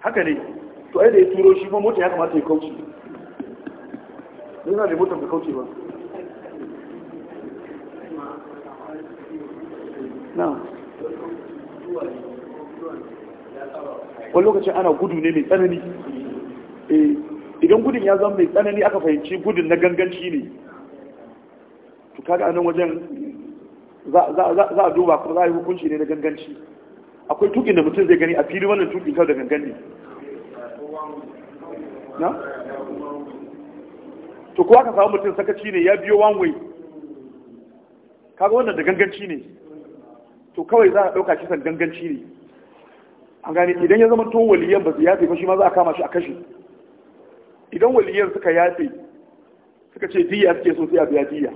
haka ne to ai da ya turo shi ma motar ya kamata ya kauce yana da motar da kauce ba na wani lokacin ana gudu ne mai tsanani eh, idan gudun ya zama mai tsanani aka fahimci gudun na ganganci ne to kada a nan wajen za a duba kuma za a yi hukunci ne na ganganci akwai tukin da mutum zai gani a fili wannan tukin kawai da gangan ne na? to kuwa ka samu mutum sakaci ne ya biyo one way kaga wannan da ganganci ne to kawai za a ɗauka kisan ganganci ne an gane idan ya zama to waliyan ba su yafe ba shi ma za a kama shi a kashe idan waliyan suka yafe suka ce diya suke so sai a biya diya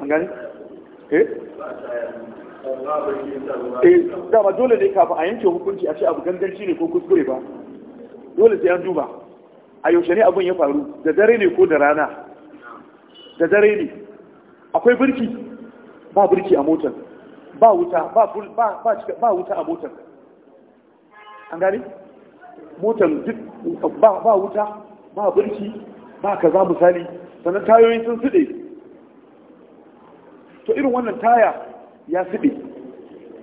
an gane eh eh dama dole ne kafin a yanke hukunci a ce abu ganganci ne ko kuskure ba dole sai an duba a yaushe ne abin ya faru da dare ne ko da rana da dare ne akwai birki ba birki a motar ba wuta ba ba wuta a motar an gani motar duk ba wuta ba birki ba kaza misali sannan tayoyin sun suɗe to irin wannan taya ya suɗe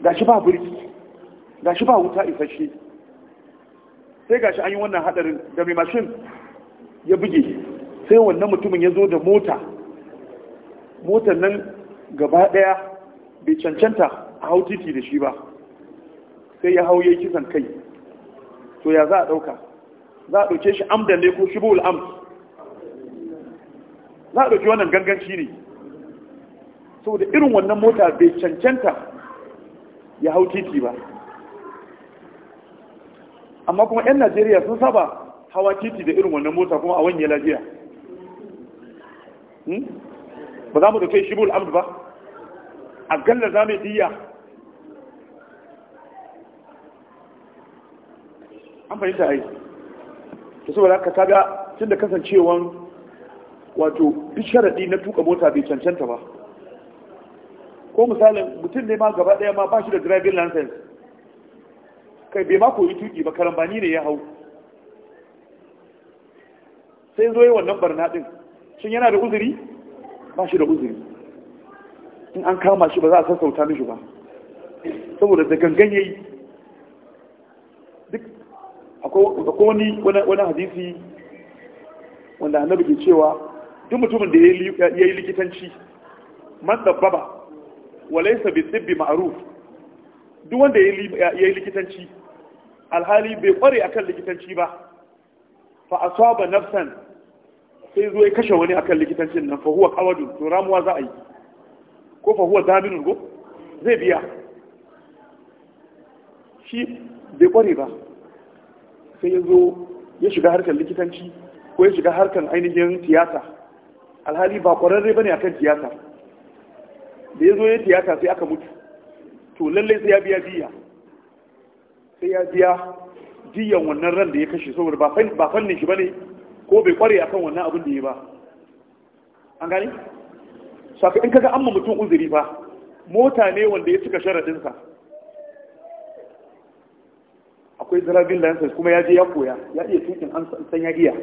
gashi ba birki gashi ba wuta shi. sai gashi an yi wannan hadarin da mai mashin ya buge sai wannan mutumin ya zo da mota motar nan gaba daya bai cancanta a hau titi da shi ba sai ya hau ya kisan kai to ya za a ɗauka za a ɗauke shi amdan ne ko shibul am za a ɗauke wannan ganganci ne saboda irin wannan mota bai cancanta ya hau titi ba amma kuma 'yan najeriya sun saba hawa titi da irin wannan mota kuma a wani lafiya hmm? ba za mu da kai shibul amd ba a galla za mu diya an fahimta ai ta saboda ka ta ga tun kasancewan wato bisharadi na tuka mota bai cancanta ba ko misalin mutum ne ma gaba ɗaya ma ba shi da driving license kai bai ma koyi tuki ba karambani ne ya hau sai zo yi wannan barna ɗin shin yana da uzuri ba shi da uzuri in an kama shi ba za a sassauta mishi ba saboda da gangan yi, duk akwai wani hadisi wanda annabi ke cewa duk mutumin da ya yi likitanci man dabbaba walaisa bi tibbi ma'ruf duk wanda ya yi likitanci alhali bai kware akan likitanci ba fa asaba nafsan sai zo ya kashe wani akan likitancin nan fa huwa qawadun to ramuwa za a yi ko fa huwa zaminun ko zai biya shi bai kware ba sai ya zo ya shiga harkar likitanci ko ya shiga harkar ainihin tiyata alhali ba kwararre ba ne akan tiyata da ya zo ya tiyata sai aka mutu to lallai sai ya biya biya sai ya biya diyan wannan ran da ya kashe saboda ba fannin shi ba ne ko bai kware akan wannan abin da ya ba an gani saka in kaga amma mutum uzuri fa mota ne wanda ya cika sharadinsa akwai driving license kuma ya je ya koya ya iya tukin an san ya iya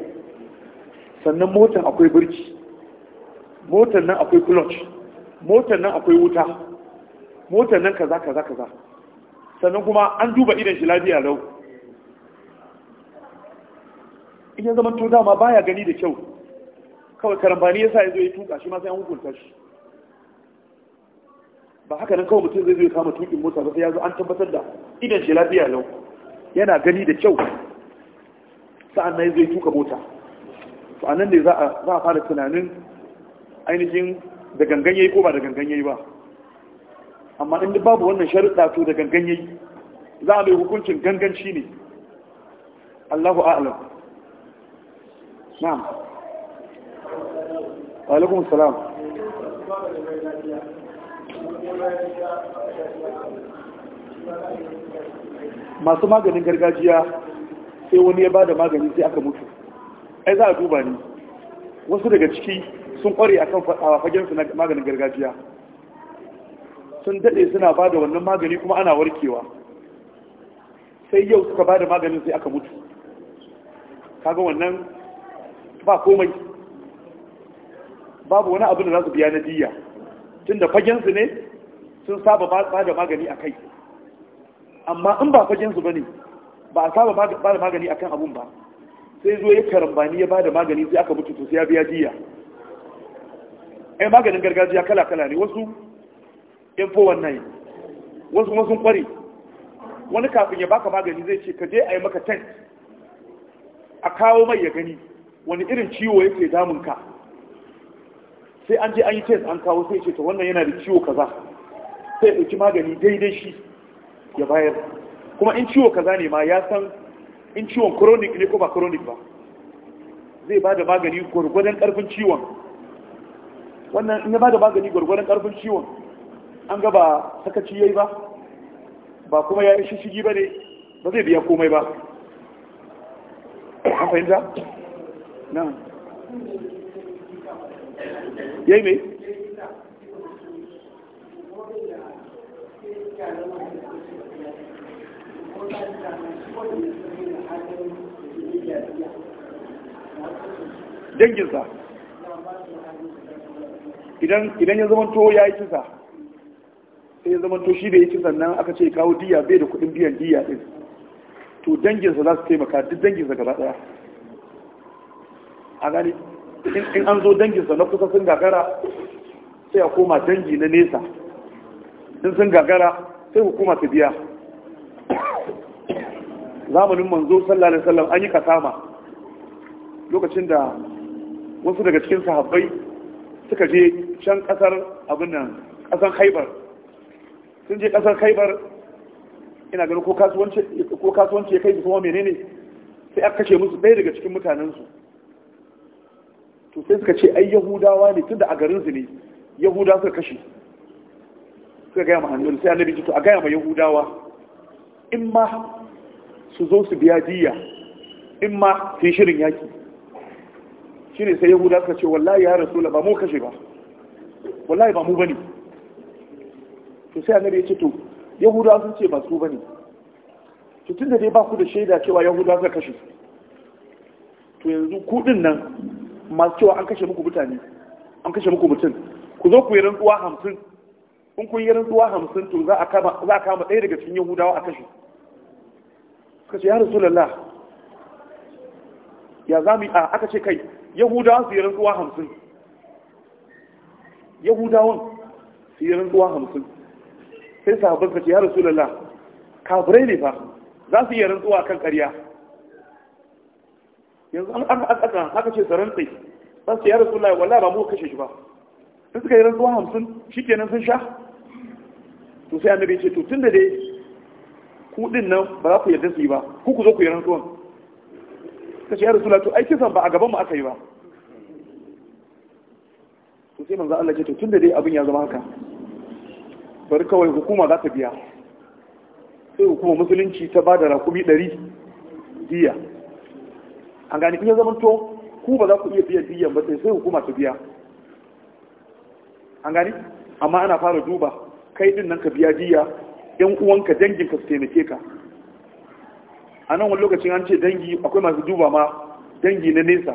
sannan motan akwai birki motan nan akwai clutch motan nan akwai wuta motan nan kaza kaza kaza sannan kuma an duba idan shi lafiya lau in ya zama to dama baya gani da kyau kawai karambani yasa ya zo ya tuka shi ma sai an hukunta shi ba haka nan kawai mutum zai zai kama tukin mota ba sai ya zo an tabbatar da idan shi lafiya lau yana gani da kyau sa'an nan zai tuka mota to anan ne za a fara tunanin ainihin da ganganye ko ba da ganganye ba amma in babu wannan sharuɗa to da ganganye za a mai hukuncin ganganci ne Allahu a'lam na'am wa alaikum salam masu maganin gargajiya sai wani ya ba da magani sai aka mutu ai za a duba ni wasu daga ciki sun kware a kan fagensu na maganin gargajiya sun daɗe suna ba da wannan magani kuma ana warkewa sai yau suka ba da maganin sai aka mutu kaga wannan ba komai babu wani abin da za su biya na diya tun da fagensu ne sun saba ba da magani a kai amma in ba fagensu ba ne ba a saba ba da magani a kan abun ba sai zo ya karambani ya ba da magani sai aka mutu sosai, sai ya biya jiya ai maganin gargajiya kala-kala ne wasu yan fowar nai wasu wasu kware wani kafin ya baka magani zai ce ka je a yi maka tent a kawo mai ya gani wani irin ciwo yake damunka sai an je an yi tent an kawo sai ce ta wannan yana da ciwo kaza sai ɗauki magani daidai shi ya bayar kuma in ciwo kaza ne ma ya san in ciwon chronic ne ko ba chronic ba zai ba da magani gwargwadon ƙarfin ciwon wannan in ya ba da magani gwargwadon ƙarfin ciwon an ga ba sakaci yi ba ba kuma ya yi shigi ba ne ba zai biya komai ba an fahimta? nan yayi mai? danginsa idan ya zamanto ya yi cinsa sai ya zamanto shi da ya kisa nan aka ce kawo diya bai da kudin biyan diya din to danginsa za su taimaka duk danginsa gaba daya a gani in an zo danginsa na kusa sun gagara sai a koma dangi na nesa in sun gagara sai hukuma su biya zamanin manzo sallallahu alaihi wasallam an yi kasama lokacin da wasu daga cikin sahabbai suka je can kasar abin nan kasar Khaibar sun je kasar Khaibar ina ganin ko kasuwanci ko kasuwanci ya kai su kuma menene sai aka kashe musu ɗaya daga cikin mutanen su to sai suka ce ai Yahudawa ne tunda a garin su ne Yahudawa suka kashe suka gaya ma hannun sai annabi to a gaya ma yahudawa in ma su zo su biya diya in ma su yi shirin yaki shine sai yahudawa suka ce wallahi ya rasu ba mu kashe ba wallahi ba mu ne to sai annabi ya ce to yahudawa sun ce ba su ba bane to da dai ba ku da shaida cewa yahudawa suka kashe to yanzu kudin nan masu cewa an kashe muku mutane an kashe muku mutum ku zo ku yi rantsuwa hamsin in kun yi rantsuwa hamsin to za a kama ɗaya daga cikin yahudawa a kashe suka ce ya rasulallah ya za mu a aka ce kai Yahudawa su yi rantsuwa hamsin yahudawan su yi rantsuwa hamsin sai sahabban suka ce ya rasulallah kafirai ne fa za su yi rantsuwa kan ƙarya yanzu an aka aka aka ce saran tsaye za su yi rantsuwa rasulallah wallahi ba mu kashe shi ba sai suka yi rantsuwa hamsin shikenan sun sha to sai annabi ce to tun da dai ku din nan ba za ku yarda su yi ba ku ku zo ku yi rantsuwan kace ya rasula to aiki san ba a gaban mu aka yi ba to sai manzo Allah ce to tun da dai abin ya zama haka bari kawai hukuma za ta biya sai hukuma musulunci ta ba da rakumi ɗari diya an gani kuma ya zama to ku ba za ku iya biyan diyan ba sai hukuma ta biya an gani amma ana fara duba kai din nan ka biya diya yan uwanka dangin ka su taimake ka a nan wani lokacin an ce dangi akwai masu duba ma dangi na nesa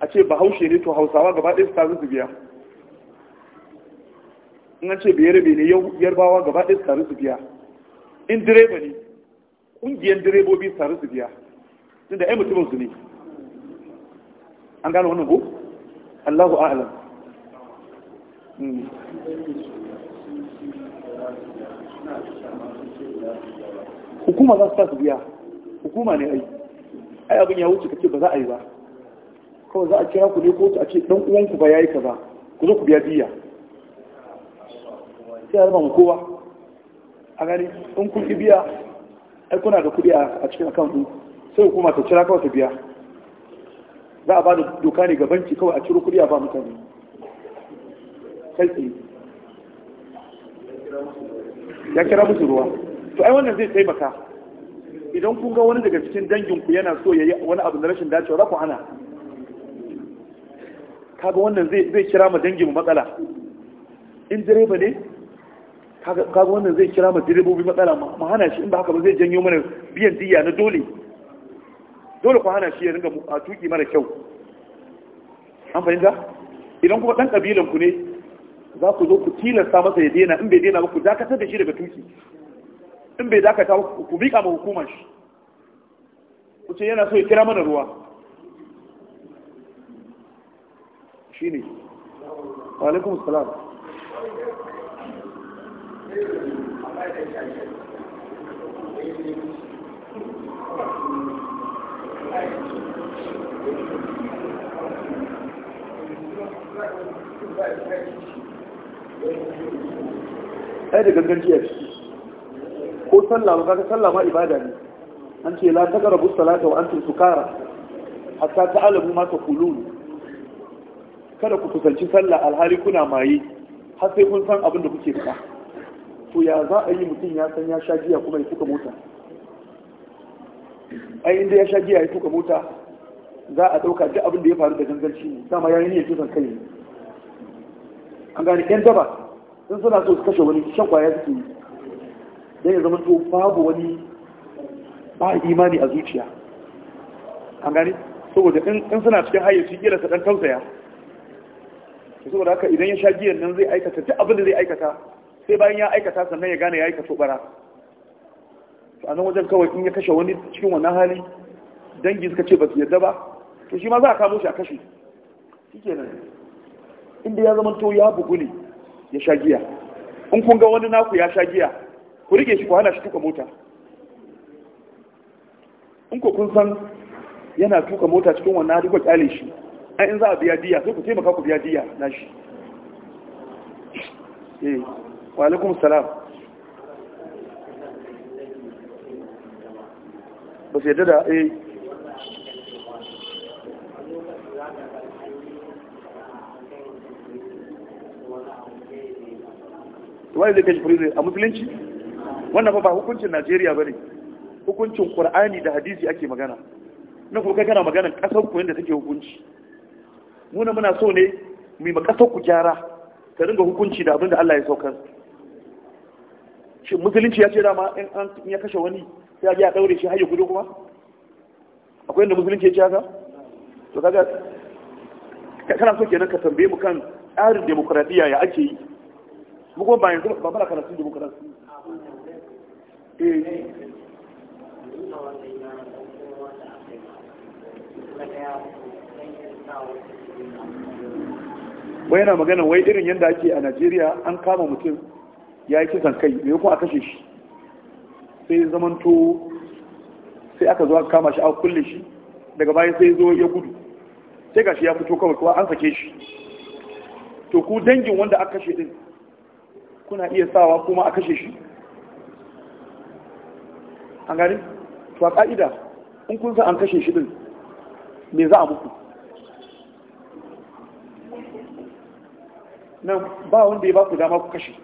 a ce bahaushe ne to hausawa gaba ɗaya su taru su biya in an ce bayar ne yarbawa gaba ɗaya su taru su biya in direba ne ƙungiyar direbobi su taru su biya tunda ai mutumin su ne an gano wannan ko Allahu a'lam hmm. hukuma za su ta su biya hukuma ne ai ai abin ya wuce kace ba za a yi ba kawai za a kira ku ne kotu a ce dan uwanku ba yayi kaza ku zo ku biya diya sai a zama mu kowa a gani in kun ki biya ai kuna da kuɗi a cikin account din sai hukuma ta kira kawai ta biya za a ba da doka ne ga banki kawai a ciro kuɗi a ba mutane kai tsaye ya kira musu ruwa to ai wannan zai taimaka idan kun ga wani daga cikin danginku yana so ya yi wani abu na rashin dacewa za ku hana kaga wannan zai kira ma dangin matsala in direba ne kaga wannan zai kira ma direbobi matsala mu hana shi in ba haka ba zai janyo mana biyan diya na dole dole ku hana shi ya ringa a tuki mara kyau an fahimta idan kuma dan kabilan ku ne za ku zo ku tilasta masa ya daina in bai daina ba ku dakatar da shi daga tuki in bai dakata ba ku miƙa ma hukumar shi ku ce yana so ya kira mana ruwa shi ne alaikum salam Thank you. ai da ganganci jiya ciki ko sallah ba ka sallah ma ibada ne an ce la taqrabu salata wa antum sukara hatta ta'lamu ma taqulun kada ku kusanci sallah alhali kuna maye har sai kun san abin da kuke faɗa to ya za a yi mutum ya san ya sha jiya kuma ya tuka mota ai inda ya sha jiya ya tuka mota za a ɗauka duk abin da ya faru da gangan ne dama ya yi niyyar tuka kai ne an gani yan daba sun suna so su kashe wani shan kwaya suke yi don ya zama to babu wani ba imani a zuciya an gani saboda in suna cikin su gina su ɗan tausaya saboda haka idan ya sha giyan nan zai aikata duk abin da zai aikata sai bayan ya aikata sannan ya gane ya aikata bara a nan wajen kawai in ya kashe wani cikin wannan hali dangi suka ce ba su yadda ba to shi ma za a kamo shi a kashe shi kenan inda ya zama to ya bugu ne ya sha giya in kun ga wani naku ya sha giya ku rike shi ku hana shi tuka mota in ku kun san yana tuka mota cikin wannan hali ku kyale shi an in za a biya diya sai ku taimaka ku biya diya na shi eh wa alaikum salam ba sai da eh wai zai kashi prison a musulunci wannan ba hukuncin Najeriya ba ne hukuncin Qur'ani da hadisi ake magana na kuka kana maganar kasar ku yadda take hukunci muna muna so ne mai yi ku gyara ta ringa hukunci da abinda Allah ya saukar musulunci ya ce dama in an ya kashe wani sai ya daure shi har ya gudu kuma akwai yadda musulunci ya ce haka to kaga kana so kenan ka tambaye mu kan tsarin demokradiyya ya ake yi mu kuma ba yanzu ba muna karatu da eh wai yana magana wai irin yadda ake a najeriya an kama mutum ya yi kisan kai mai kuma a kashe shi sai zamanto sai aka zo aka kama shi a kulle shi daga bayan sai zo ya gudu sai gashi ya fito kawai kuwa an sake shi to ku dangin wanda aka kashe din kuna iya sawa kuma a kashe shi an gani to a ka'ida in kun san an kashe shi din me za a muku nan ba wanda ya ba ku dama ku kashe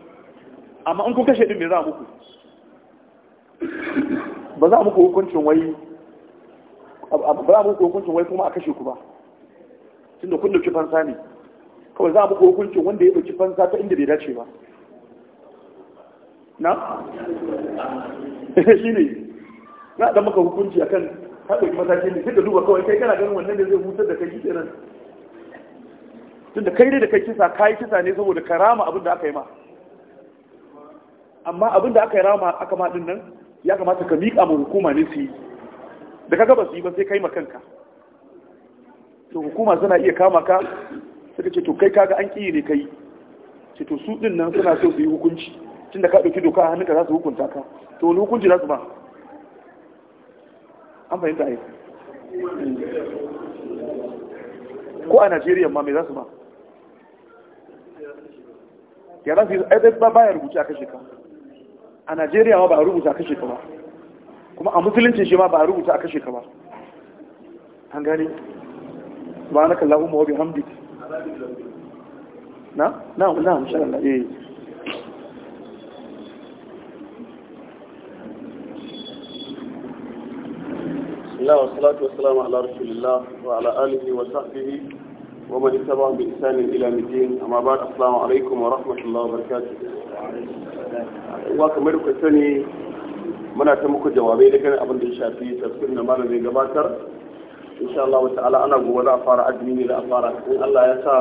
amma in kun kashe din me za a muku ba za a muku hukuncin wai ba za a muku hukuncin wai kuma a kashe ku ba tunda kun da fansa ne kawai za a muku hukuncin wanda ya ɗauki fansa ta inda bai dace ba na? shi ne na da maka hukunci akan haɗa matakin da suka duba kawai kai kana ganin wannan da zai hutar da kai shi nan tunda kai ne da kai kisa kai kisa ne saboda ka rama abin da aka yi ma amma abin da aka yi rama aka ma din nan ya kamata ka miƙa ma hukuma ne su yi da kaga ba su yi ba sai kai ma kanka to hukuma suna iya kama ka suka ce to kai kaga an ƙi ne kai ce to su ɗin nan suna so su yi hukunci da ka ɗauki doka a hannunka za su hukunta ka to wani hukunci za su ba an fahimta yi ko a najeriya ma mai za su ba ya za su yi ɗaiɗai ba baya rubuta a kashe ka a najeriya ma ba a rubuta a kashe ka ba kuma a musulunci shi ma ba a rubuta a kashe ka ba an gane ba na kallahu ma wabi hamdi na na na inshallah eh الله والصلاة والسلام على رسول الله وعلى آله وصحبه ومن اتبعهم بإحسان إلى مدين أما بعد السلام عليكم ورحمة الله وبركاته وكما يقول الثاني muna ta muku jawabai da kan abin da ya shafi tafsirin da malamin gabatar insha Allah ta'ala ana gobe za a fara azumi ne za a fara in Allah ya sa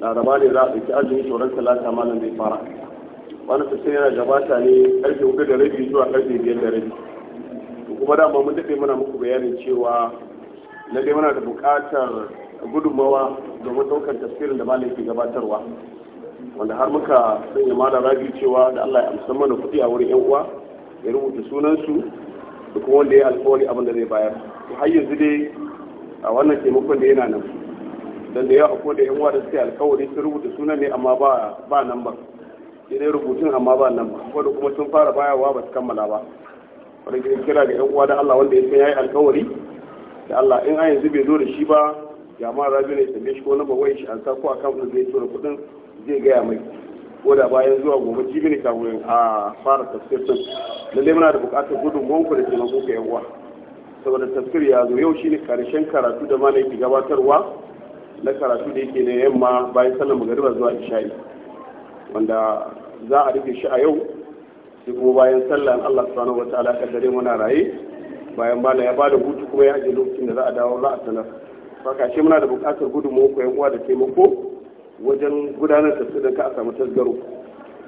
laraba ne za a ɗauki azumi tsoron talata malam zai fara wani tafsirin yana gabata ne karfe hudu da rabi zuwa karfe biyar da rabi kuma dama mun daɗe muna muku bayanin cewa na dai muna da buƙatar gudunmawa domin ɗaukar tafsirin da malam ke gabatarwa wanda har muka sanya malam rabi cewa da Allah ya amsa mana kuɗi a wurin yan uwa ya rubuta sunansu da kuma wanda ya alƙawari abin da zai bayar to har yanzu dai a wannan taimakon da yana nan dan da yawa akwai da yan uwa da suke alƙawari sun rubuta sunan ne amma ba ba nan ba sai dai rubutun amma ba nan ba da kuma sun fara bayarwa ba su kammala ba wani ke kira ga yan uwa da Allah wanda ya san yayi alkawari da Allah in an yanzu bai zo da shi ba ya ma rabi ne tambaye shi ko na bawai shi an sa ko akan da zai tura kuɗin zai gaya mai ko da bayan zuwa gobe jibi ne wurin a fara tafsir din muna da buƙatar gudun ku da taimako ga yan uwa saboda tafsir ya zo yau shine karshen karatu da ma yake gabatarwa na karatu da yake na yamma bayan sallar magariba zuwa isha'i wanda za a rufe shi a yau sai kuma bayan sallah Allah subhanahu ta'ala ka dare muna raye bayan bala ya bada hutu kuma ya aje lokacin da za a dawo za a sanar shi muna da bukatar gudunmu ko yan uwa da taimako wajen gudanar da su ka a samu tasgaro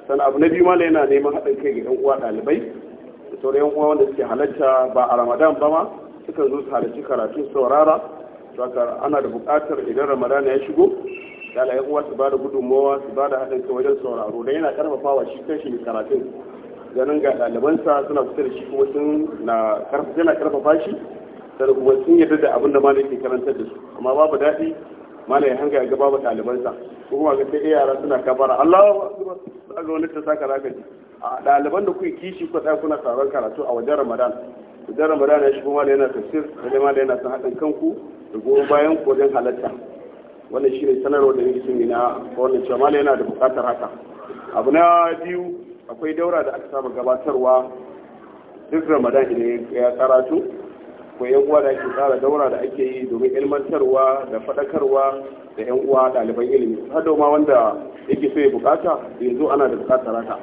sannan abu na biyu mala yana neman haɗin kai ga yan uwa ɗalibai da sauran yan uwa wanda suke halarta ba a ramadan ba ma suka zo su halarci karatu saurara saka ana da bukatar idan ramadan ya shigo da yan uwa su ba da gudunmawa su ba da haɗin kai wajen sauraro don yana wa shi kanshi karatun ganin ga ɗalibansa suna fitar da shi kuma sun na karfafa yana karfafa shi da kuma sun yarda da abin da malam ke karantar da su amma babu daɗi malam ya hanga ga babu ɗalibansa ko kuma ga sai yara suna kabara Allah ba ga wani ta saka zaka ji a ɗaliban da kuke kishi ku tsaya kuna taron karatu a wajen Ramadan wajen Ramadan ya shigo malam yana tafsir da malam yana san hadin kanku da goyon bayan ku wajen halatta wannan shi ne sanarwar da yake sun yi wannan cewa malam yana da buƙatar haka abu na biyu akwai daura da aka saba gabatarwa duk ramadan idan ya karatu ko yan uwa da ake tsara daura da ake yi domin ilmantarwa da faɗakarwa da yan uwa ɗaliban ilimi har ma wanda yake so ya bukata yanzu ana da bukatar haka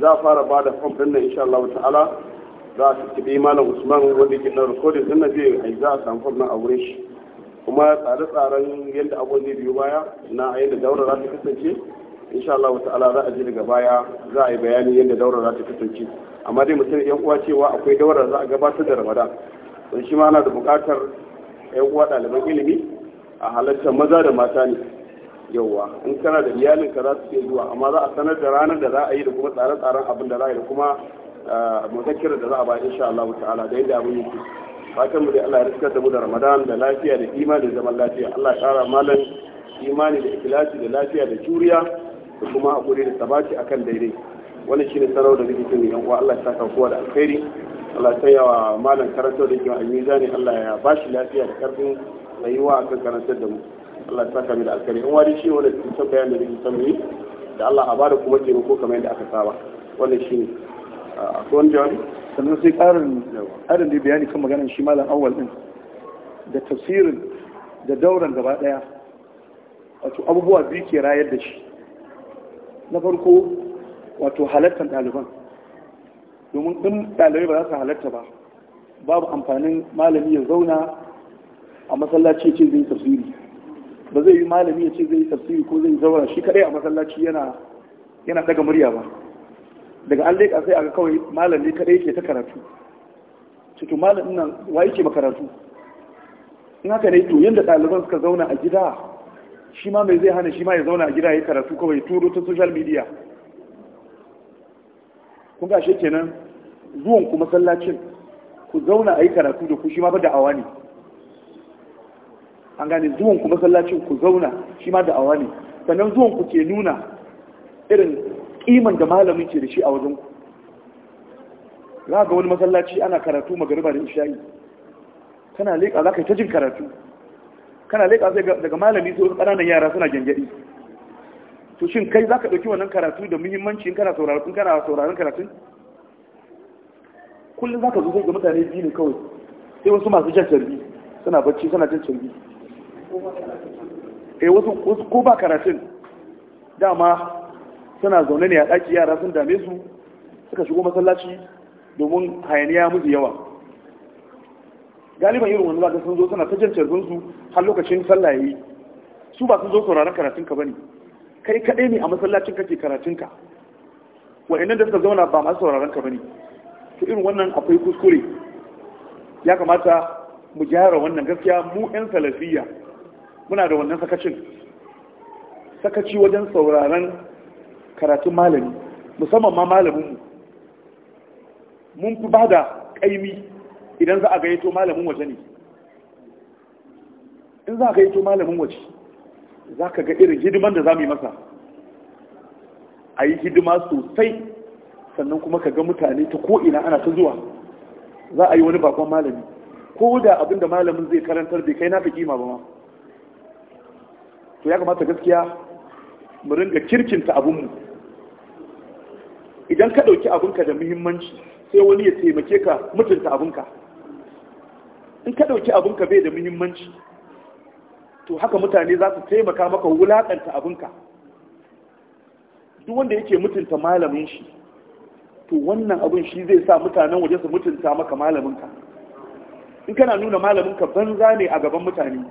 za a fara ba da fom ɗin nan insha Allah ta'ala za a tattabi malam usman wanda yake na rikodin ɗin nan zai za a samu fom nan a wurin shi kuma tsare-tsaren yadda abubuwan zai biyu baya na yadda daura za ta kasance insha Allah ta'ala za a ji daga baya za a yi bayani yadda daura za ta kasance amma dai mutum yan uwa cewa akwai daurar za a gabatar da Ramadan don shi ma ana da buƙatar yan uwa ɗaliban ilimi a halartar maza da mata ne yauwa in kana da ka za su iya zuwa amma za a sanar da ranar da za a yi da kuma tsare-tsaren abin da za a yi da kuma eh, mutakirar da za a bayar insha Allah ta'ala da yadda abin yake fatan mu dai Allah ya riskar da mu da Ramadan da lafiya da imani da zaman lafiya Allah ya kara malam imani da ikhlasi da lafiya da juriya da kuma hakuri da sabati akan daidai wannan shine sarau da rikicin yan uwa Allah ya saka kowa da alkhairi Allah ya yawa malam karantar da yake a mizani Allah ya bashi lafiya da karfin rayuwa akan karantar da mu Allah ya saka mu da alkhairi in wani shi wanda ke son bayani da rikicin mu da Allah a bada kuma taimako kamar yadda aka saba wannan shine A wani jawabi sannan sai karin karin da bayani kan maganar shi malam awwal din da tafsirin da dauran gaba daya wato abubuwa biyu ke rayar da shi na farko wato halartar ɗaliban domin ɗin ɗalibai ba za su halatta ba babu amfanin malami ya zauna a masallaci ya ce zai tafsiri ba zai yi malami ya ce zai tafsiri ko zai zaura shi kaɗai a masallaci yana yana daga murya ba daga an leƙa sai aga kawai malami kaɗai ke ta karatu cikin malamin nan wa yake makaratu in haka ne to yadda ɗaliban suka zauna a gida shi ma mai zai hana shi ma ya zauna a gida ya karatu kawai turo ta social media kun ga shi kenan zuwan ku masallacin ku zauna a yi karatu da ku shi ma ba da'awa ne an gane zuwan ku masallacin ku zauna shi ma da'awa ne sannan zuwan ku ke nuna irin kiman da malamin ke da shi a wajen ku za ga wani masallaci ana karatu magariba da isha'i kana leƙa za ka yi ta jin karatu kana leƙa sai daga malami sai ƙananan yara suna gyangyaɗi to shin kai za ka ɗauki wannan karatu da muhimmanci in kana sauraron kana sauraron karatun kullum za ka zo ga mutane biyu ne kawai sai wasu masu jan carbi suna bacci suna jan carbi eh wasu ko ba karatun dama suna zaune ne a ɗaki yara sun dame su suka shigo masallaci domin hayaniya musu yawa galiban irin wani zaka sun zo suna ta jan su har lokacin sallah yayi su ba sun zo sauraron karatun ka bane kai kaɗai ne a masallacin kake karatun ka wa'annan da suka zauna ba masu sauraron ka bane to irin wannan akwai kuskure ya kamata mu gyara wannan gaskiya mu yan salafiyya muna da wannan sakacin sakaci wajen sauraron karatun malami musamman ma malaminmu mun fi ba da ƙaimi idan za a yato malamin waje ne in za a yato malamin waje za ka ga irin hidiman da za mu yi masa a yi hidima sosai sannan kuma ka ga mutane ta ko'ina ana ta zuwa za a yi wani bakon malami ko da abin da malamin zai karantar bai kai na fi kima ba ma to ya kamata gaskiya mu ringa kirkinta abinmu idan ka ɗauki abinka da muhimmanci sai wani ya taimake ka mutunta abinka in ka ɗauki abinka bai da muhimmanci to haka mutane za su taimaka maka wulaƙanta abinka duk wanda yake mutunta malamin shi to wannan abin shi zai sa mutanen waje su mutunta maka malaminka in kana nuna malaminka banza ne a gaban mutane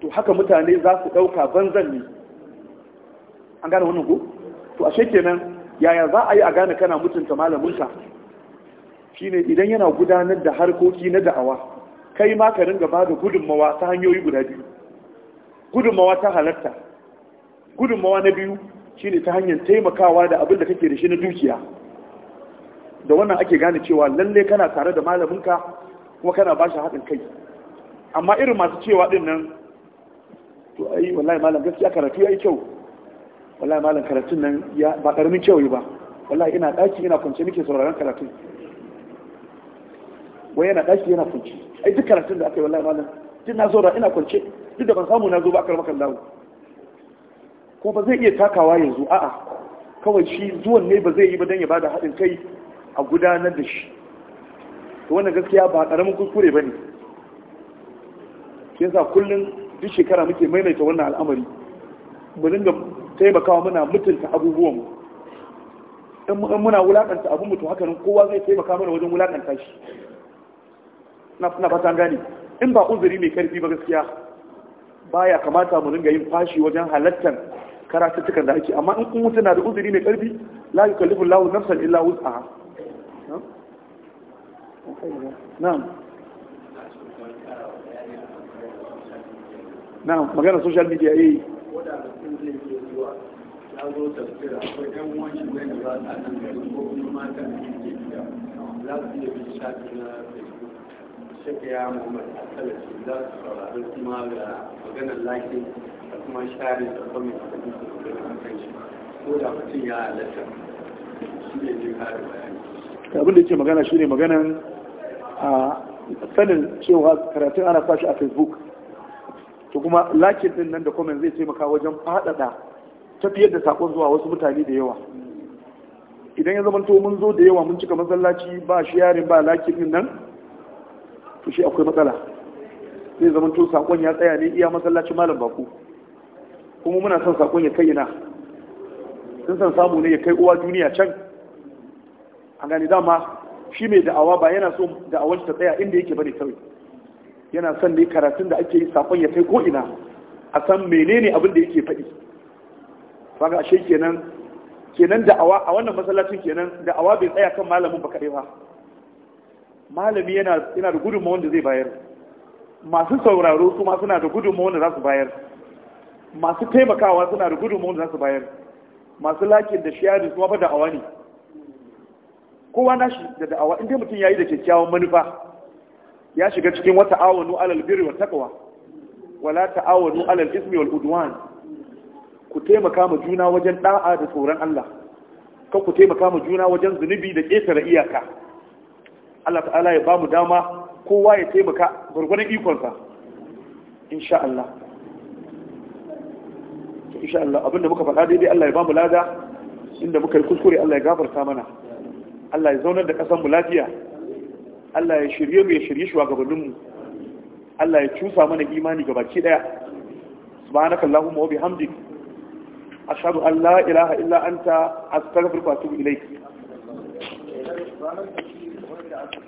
to haka mutane za su ɗauka banzan ne an gane wannan ko to ashe kenan yaya za a yi a gane kana mutunta malaminka shine idan yana gudanar da harkoki na da'awa kai ma ka ringa ba da gudunmawa ta hanyoyi guda biyu gudunmawa ta halatta gudunmawa na biyu shine ta hanyar taimakawa da abin da kake da shi na dukiya da wannan ake gane cewa lalle kana tare da malaminka kuma kana ba shi haɗin kai amma irin masu cewa ɗin nan to ai wallahi malam gaskiya karatu ya yi kyau wallahi malam karatun nan ba ƙaramin kyau ba wallahi ina ɗaki ina kwance muke sauraron karatun wai yana ɗaki yana kunci ai duk karatun da aka yi wallahi malam duk na zo da ina kwance duk da ban samu na zo ba a karɓar kallawo ko ba zai iya takawa yanzu a'a kawai shi zuwan ne ba zai yi ba don ya ba da haɗin kai a gudanar da shi to wannan gaskiya ba ƙaramin kuskure ba ne shi yasa kullum duk shekara muke maimaita wannan al'amari mu dinga taimakawa muna mutunta abubuwanmu in muna wulakanta abin mutu haka kowa zai taimaka mana wajen wulakanta shi na fatan gani in ba uzuri mai karfi ba gaskiya baya kamata mu ringa yin fashi wajen halattar karatuttukan da ake amma in kun mutu na da uzuri mai karfi la yukallifu Allahu nafsan illa wus'aha na'am na'am magana social media eh za shafiya muhammad asalaci za su saurari kuma ga maganar lafi da kuma share da kwami da kuma magana kan shi ko da mutum ya halatta shi ne jin kare bayani abin da yake magana shi ne maganan a sanin cewa karatun ana sashi a facebook to kuma lakin din nan da comment zai taimaka wajen faɗaɗa tafiyar da sakon zuwa wasu mutane da yawa idan ya zama to mun zo da yawa mun cika masallaci ba shi yarin ba lakin din nan to shi akwai matsala zai zama to sakon ya tsaya ne iya masallacin malam baku kuma muna son sakon ya kai ina sun san samu ne ya kai uwa duniya can a gani dama shi mai da'awa ba yana so da'awar ta tsaya inda yake bane kawai yana son ne karatun da ake yi sakon ya kai ko ina a san menene abin da yake faɗi kaga ashe kenan kenan da'awa a wannan masallacin kenan da'awa bai tsaya kan malamin ba kaɗai ba malami yana da gudunmu wanda zai bayar masu sauraro su suna da gudunmu wanda za su bayar masu taimakawa suna da gudunmu wanda za su bayar masu lakin da shiyari su ma ba da'awa ne kowa na shi da da'awa inda mutum ya yi da kyakkyawan manufa ya shiga cikin wata awonu alal biri wa takawa wala awonu alal ismi wal udwan ku taimaka ma juna wajen da'a da tsoron Allah kan ku taimaka ma juna wajen zunubi da ƙetare iyaka Allah ta'ala ya bamu dama kowa ya taimaka gwargwadon ikonsa insha Allah insha Allah abinda muka faɗa daidai Allah ya bamu lada inda muka yi kuskure Allah ya gafarta mana Allah ya zaunar da ƙasar mu lafiya Allah ya shirye mu ya shirye shugabannin mu Allah ya cusa mana imani ga baki daya subhanaka allahumma wa bihamdik ashhadu an la ilaha illa anta astaghfiruka wa atubu ilayk out